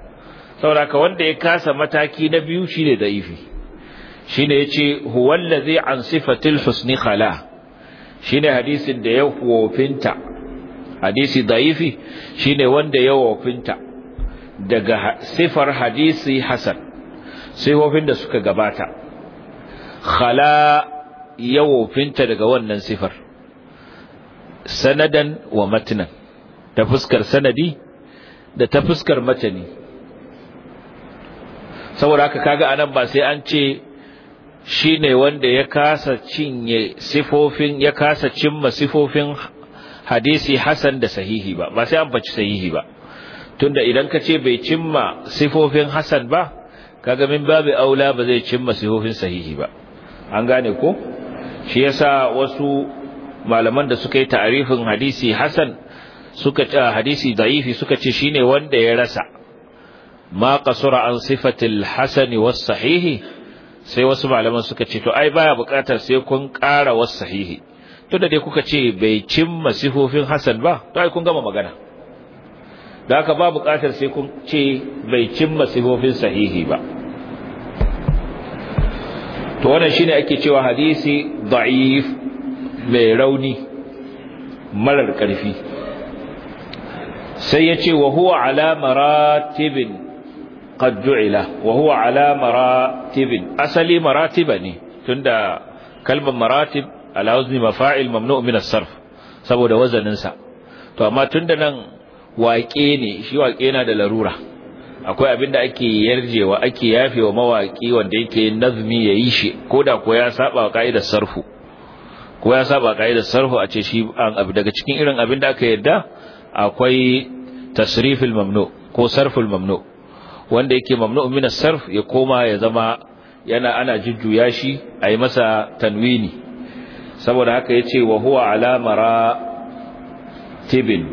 saboda ka wanda ya kasa mataki na biyu shine da'ifi Shi ne shine yace huwallazi an sifatil husni khala shine hadisin da ya wofinta hadisi daifi shine wanda ya wofinta daga sifar hadisi hasan sifofin da suka gabata khala ya wofinta daga wannan sifar sanadan wa matnan ta fuskar sanadi da ta fuskar matani saboda haka kaga anan ba sai an ce Shi ne wanda ya kasa cinye sifofin ya kasa cimma sifofin hadisi hasan da sahihi ba ba sai an faci sahihi ba tunda idan ka ce bai cimma sifofin hasan ba kaga min babu aula ba zai cimma sifofin sahihi ba an gane ko shi yasa wasu malaman da suka yi ta'arifin hadisi hasan suka ce ah, hadisi da'ifi suka ce shine wanda ya rasa ma qasura an sifatil hasani was sahihi sai wasu malaman suka ce to ai baya buƙatar sai kun ƙara wasu sahihi to da dai kuka ce bai cimma sifofin hasan ba to ai kun gama magana da haka ba buƙatar sai kun ce bai cimma sifofin sahihi ba to wannan shine ake cewa hadisi da'if mai rauni marar ƙarfi. sai yace wa huwa ala maratibin qad ju'ila wa ala maratibin asali maratiba ne tunda kalmar maratib ala wazni mafa'il mamnu' min as-sarf saboda wazanin to amma tunda nan waƙe ne shi waƙe yana da larura akwai abin da ake yarjewa ake yafewa mawaƙi wanda yake nazmi ya yi shi ko da ko ya saba ka'idar sarfu ko ya saba ka'idar sarfu a ce shi an abu daga cikin irin abin da aka yarda akwai tasriful mamnu ko sarful mamnu wanda yake mamnu'un min as-sarf ya koma ya zama yana ana jujjuya shi a yi masa tanwini saboda haka ya ce wa huwa alamara tibin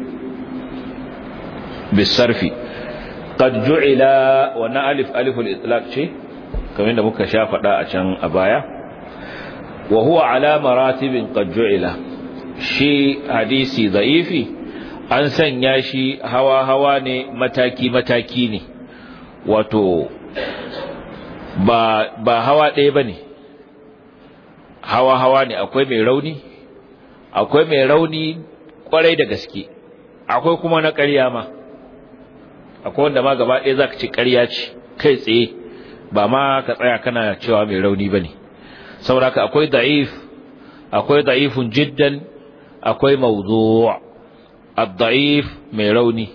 bisarfi qad ju'ila wa na alif aliful itlaq ce kamar da muka sha faɗa a can a baya wa huwa alamara tibin qad ju'ila shi hadisi za'ifi an sanya shi hawa hawa ne mataki mataki ne wato ba ba hawa ɗaya bane hawa hawa ne akwai mai rauni akwai mai rauni kwarai da gaske akwai kuma na ƙarya ma akwai wanda ma gaba ɗaya ka ci ƙarya ce kai tsaye ba ma ka tsaya kana cewa mai rauni bane saboda akwai da'if akwai da'ifun jiddan akwai mawuzo a daif mai rauni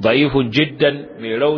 da'ifun jiddan mai rauni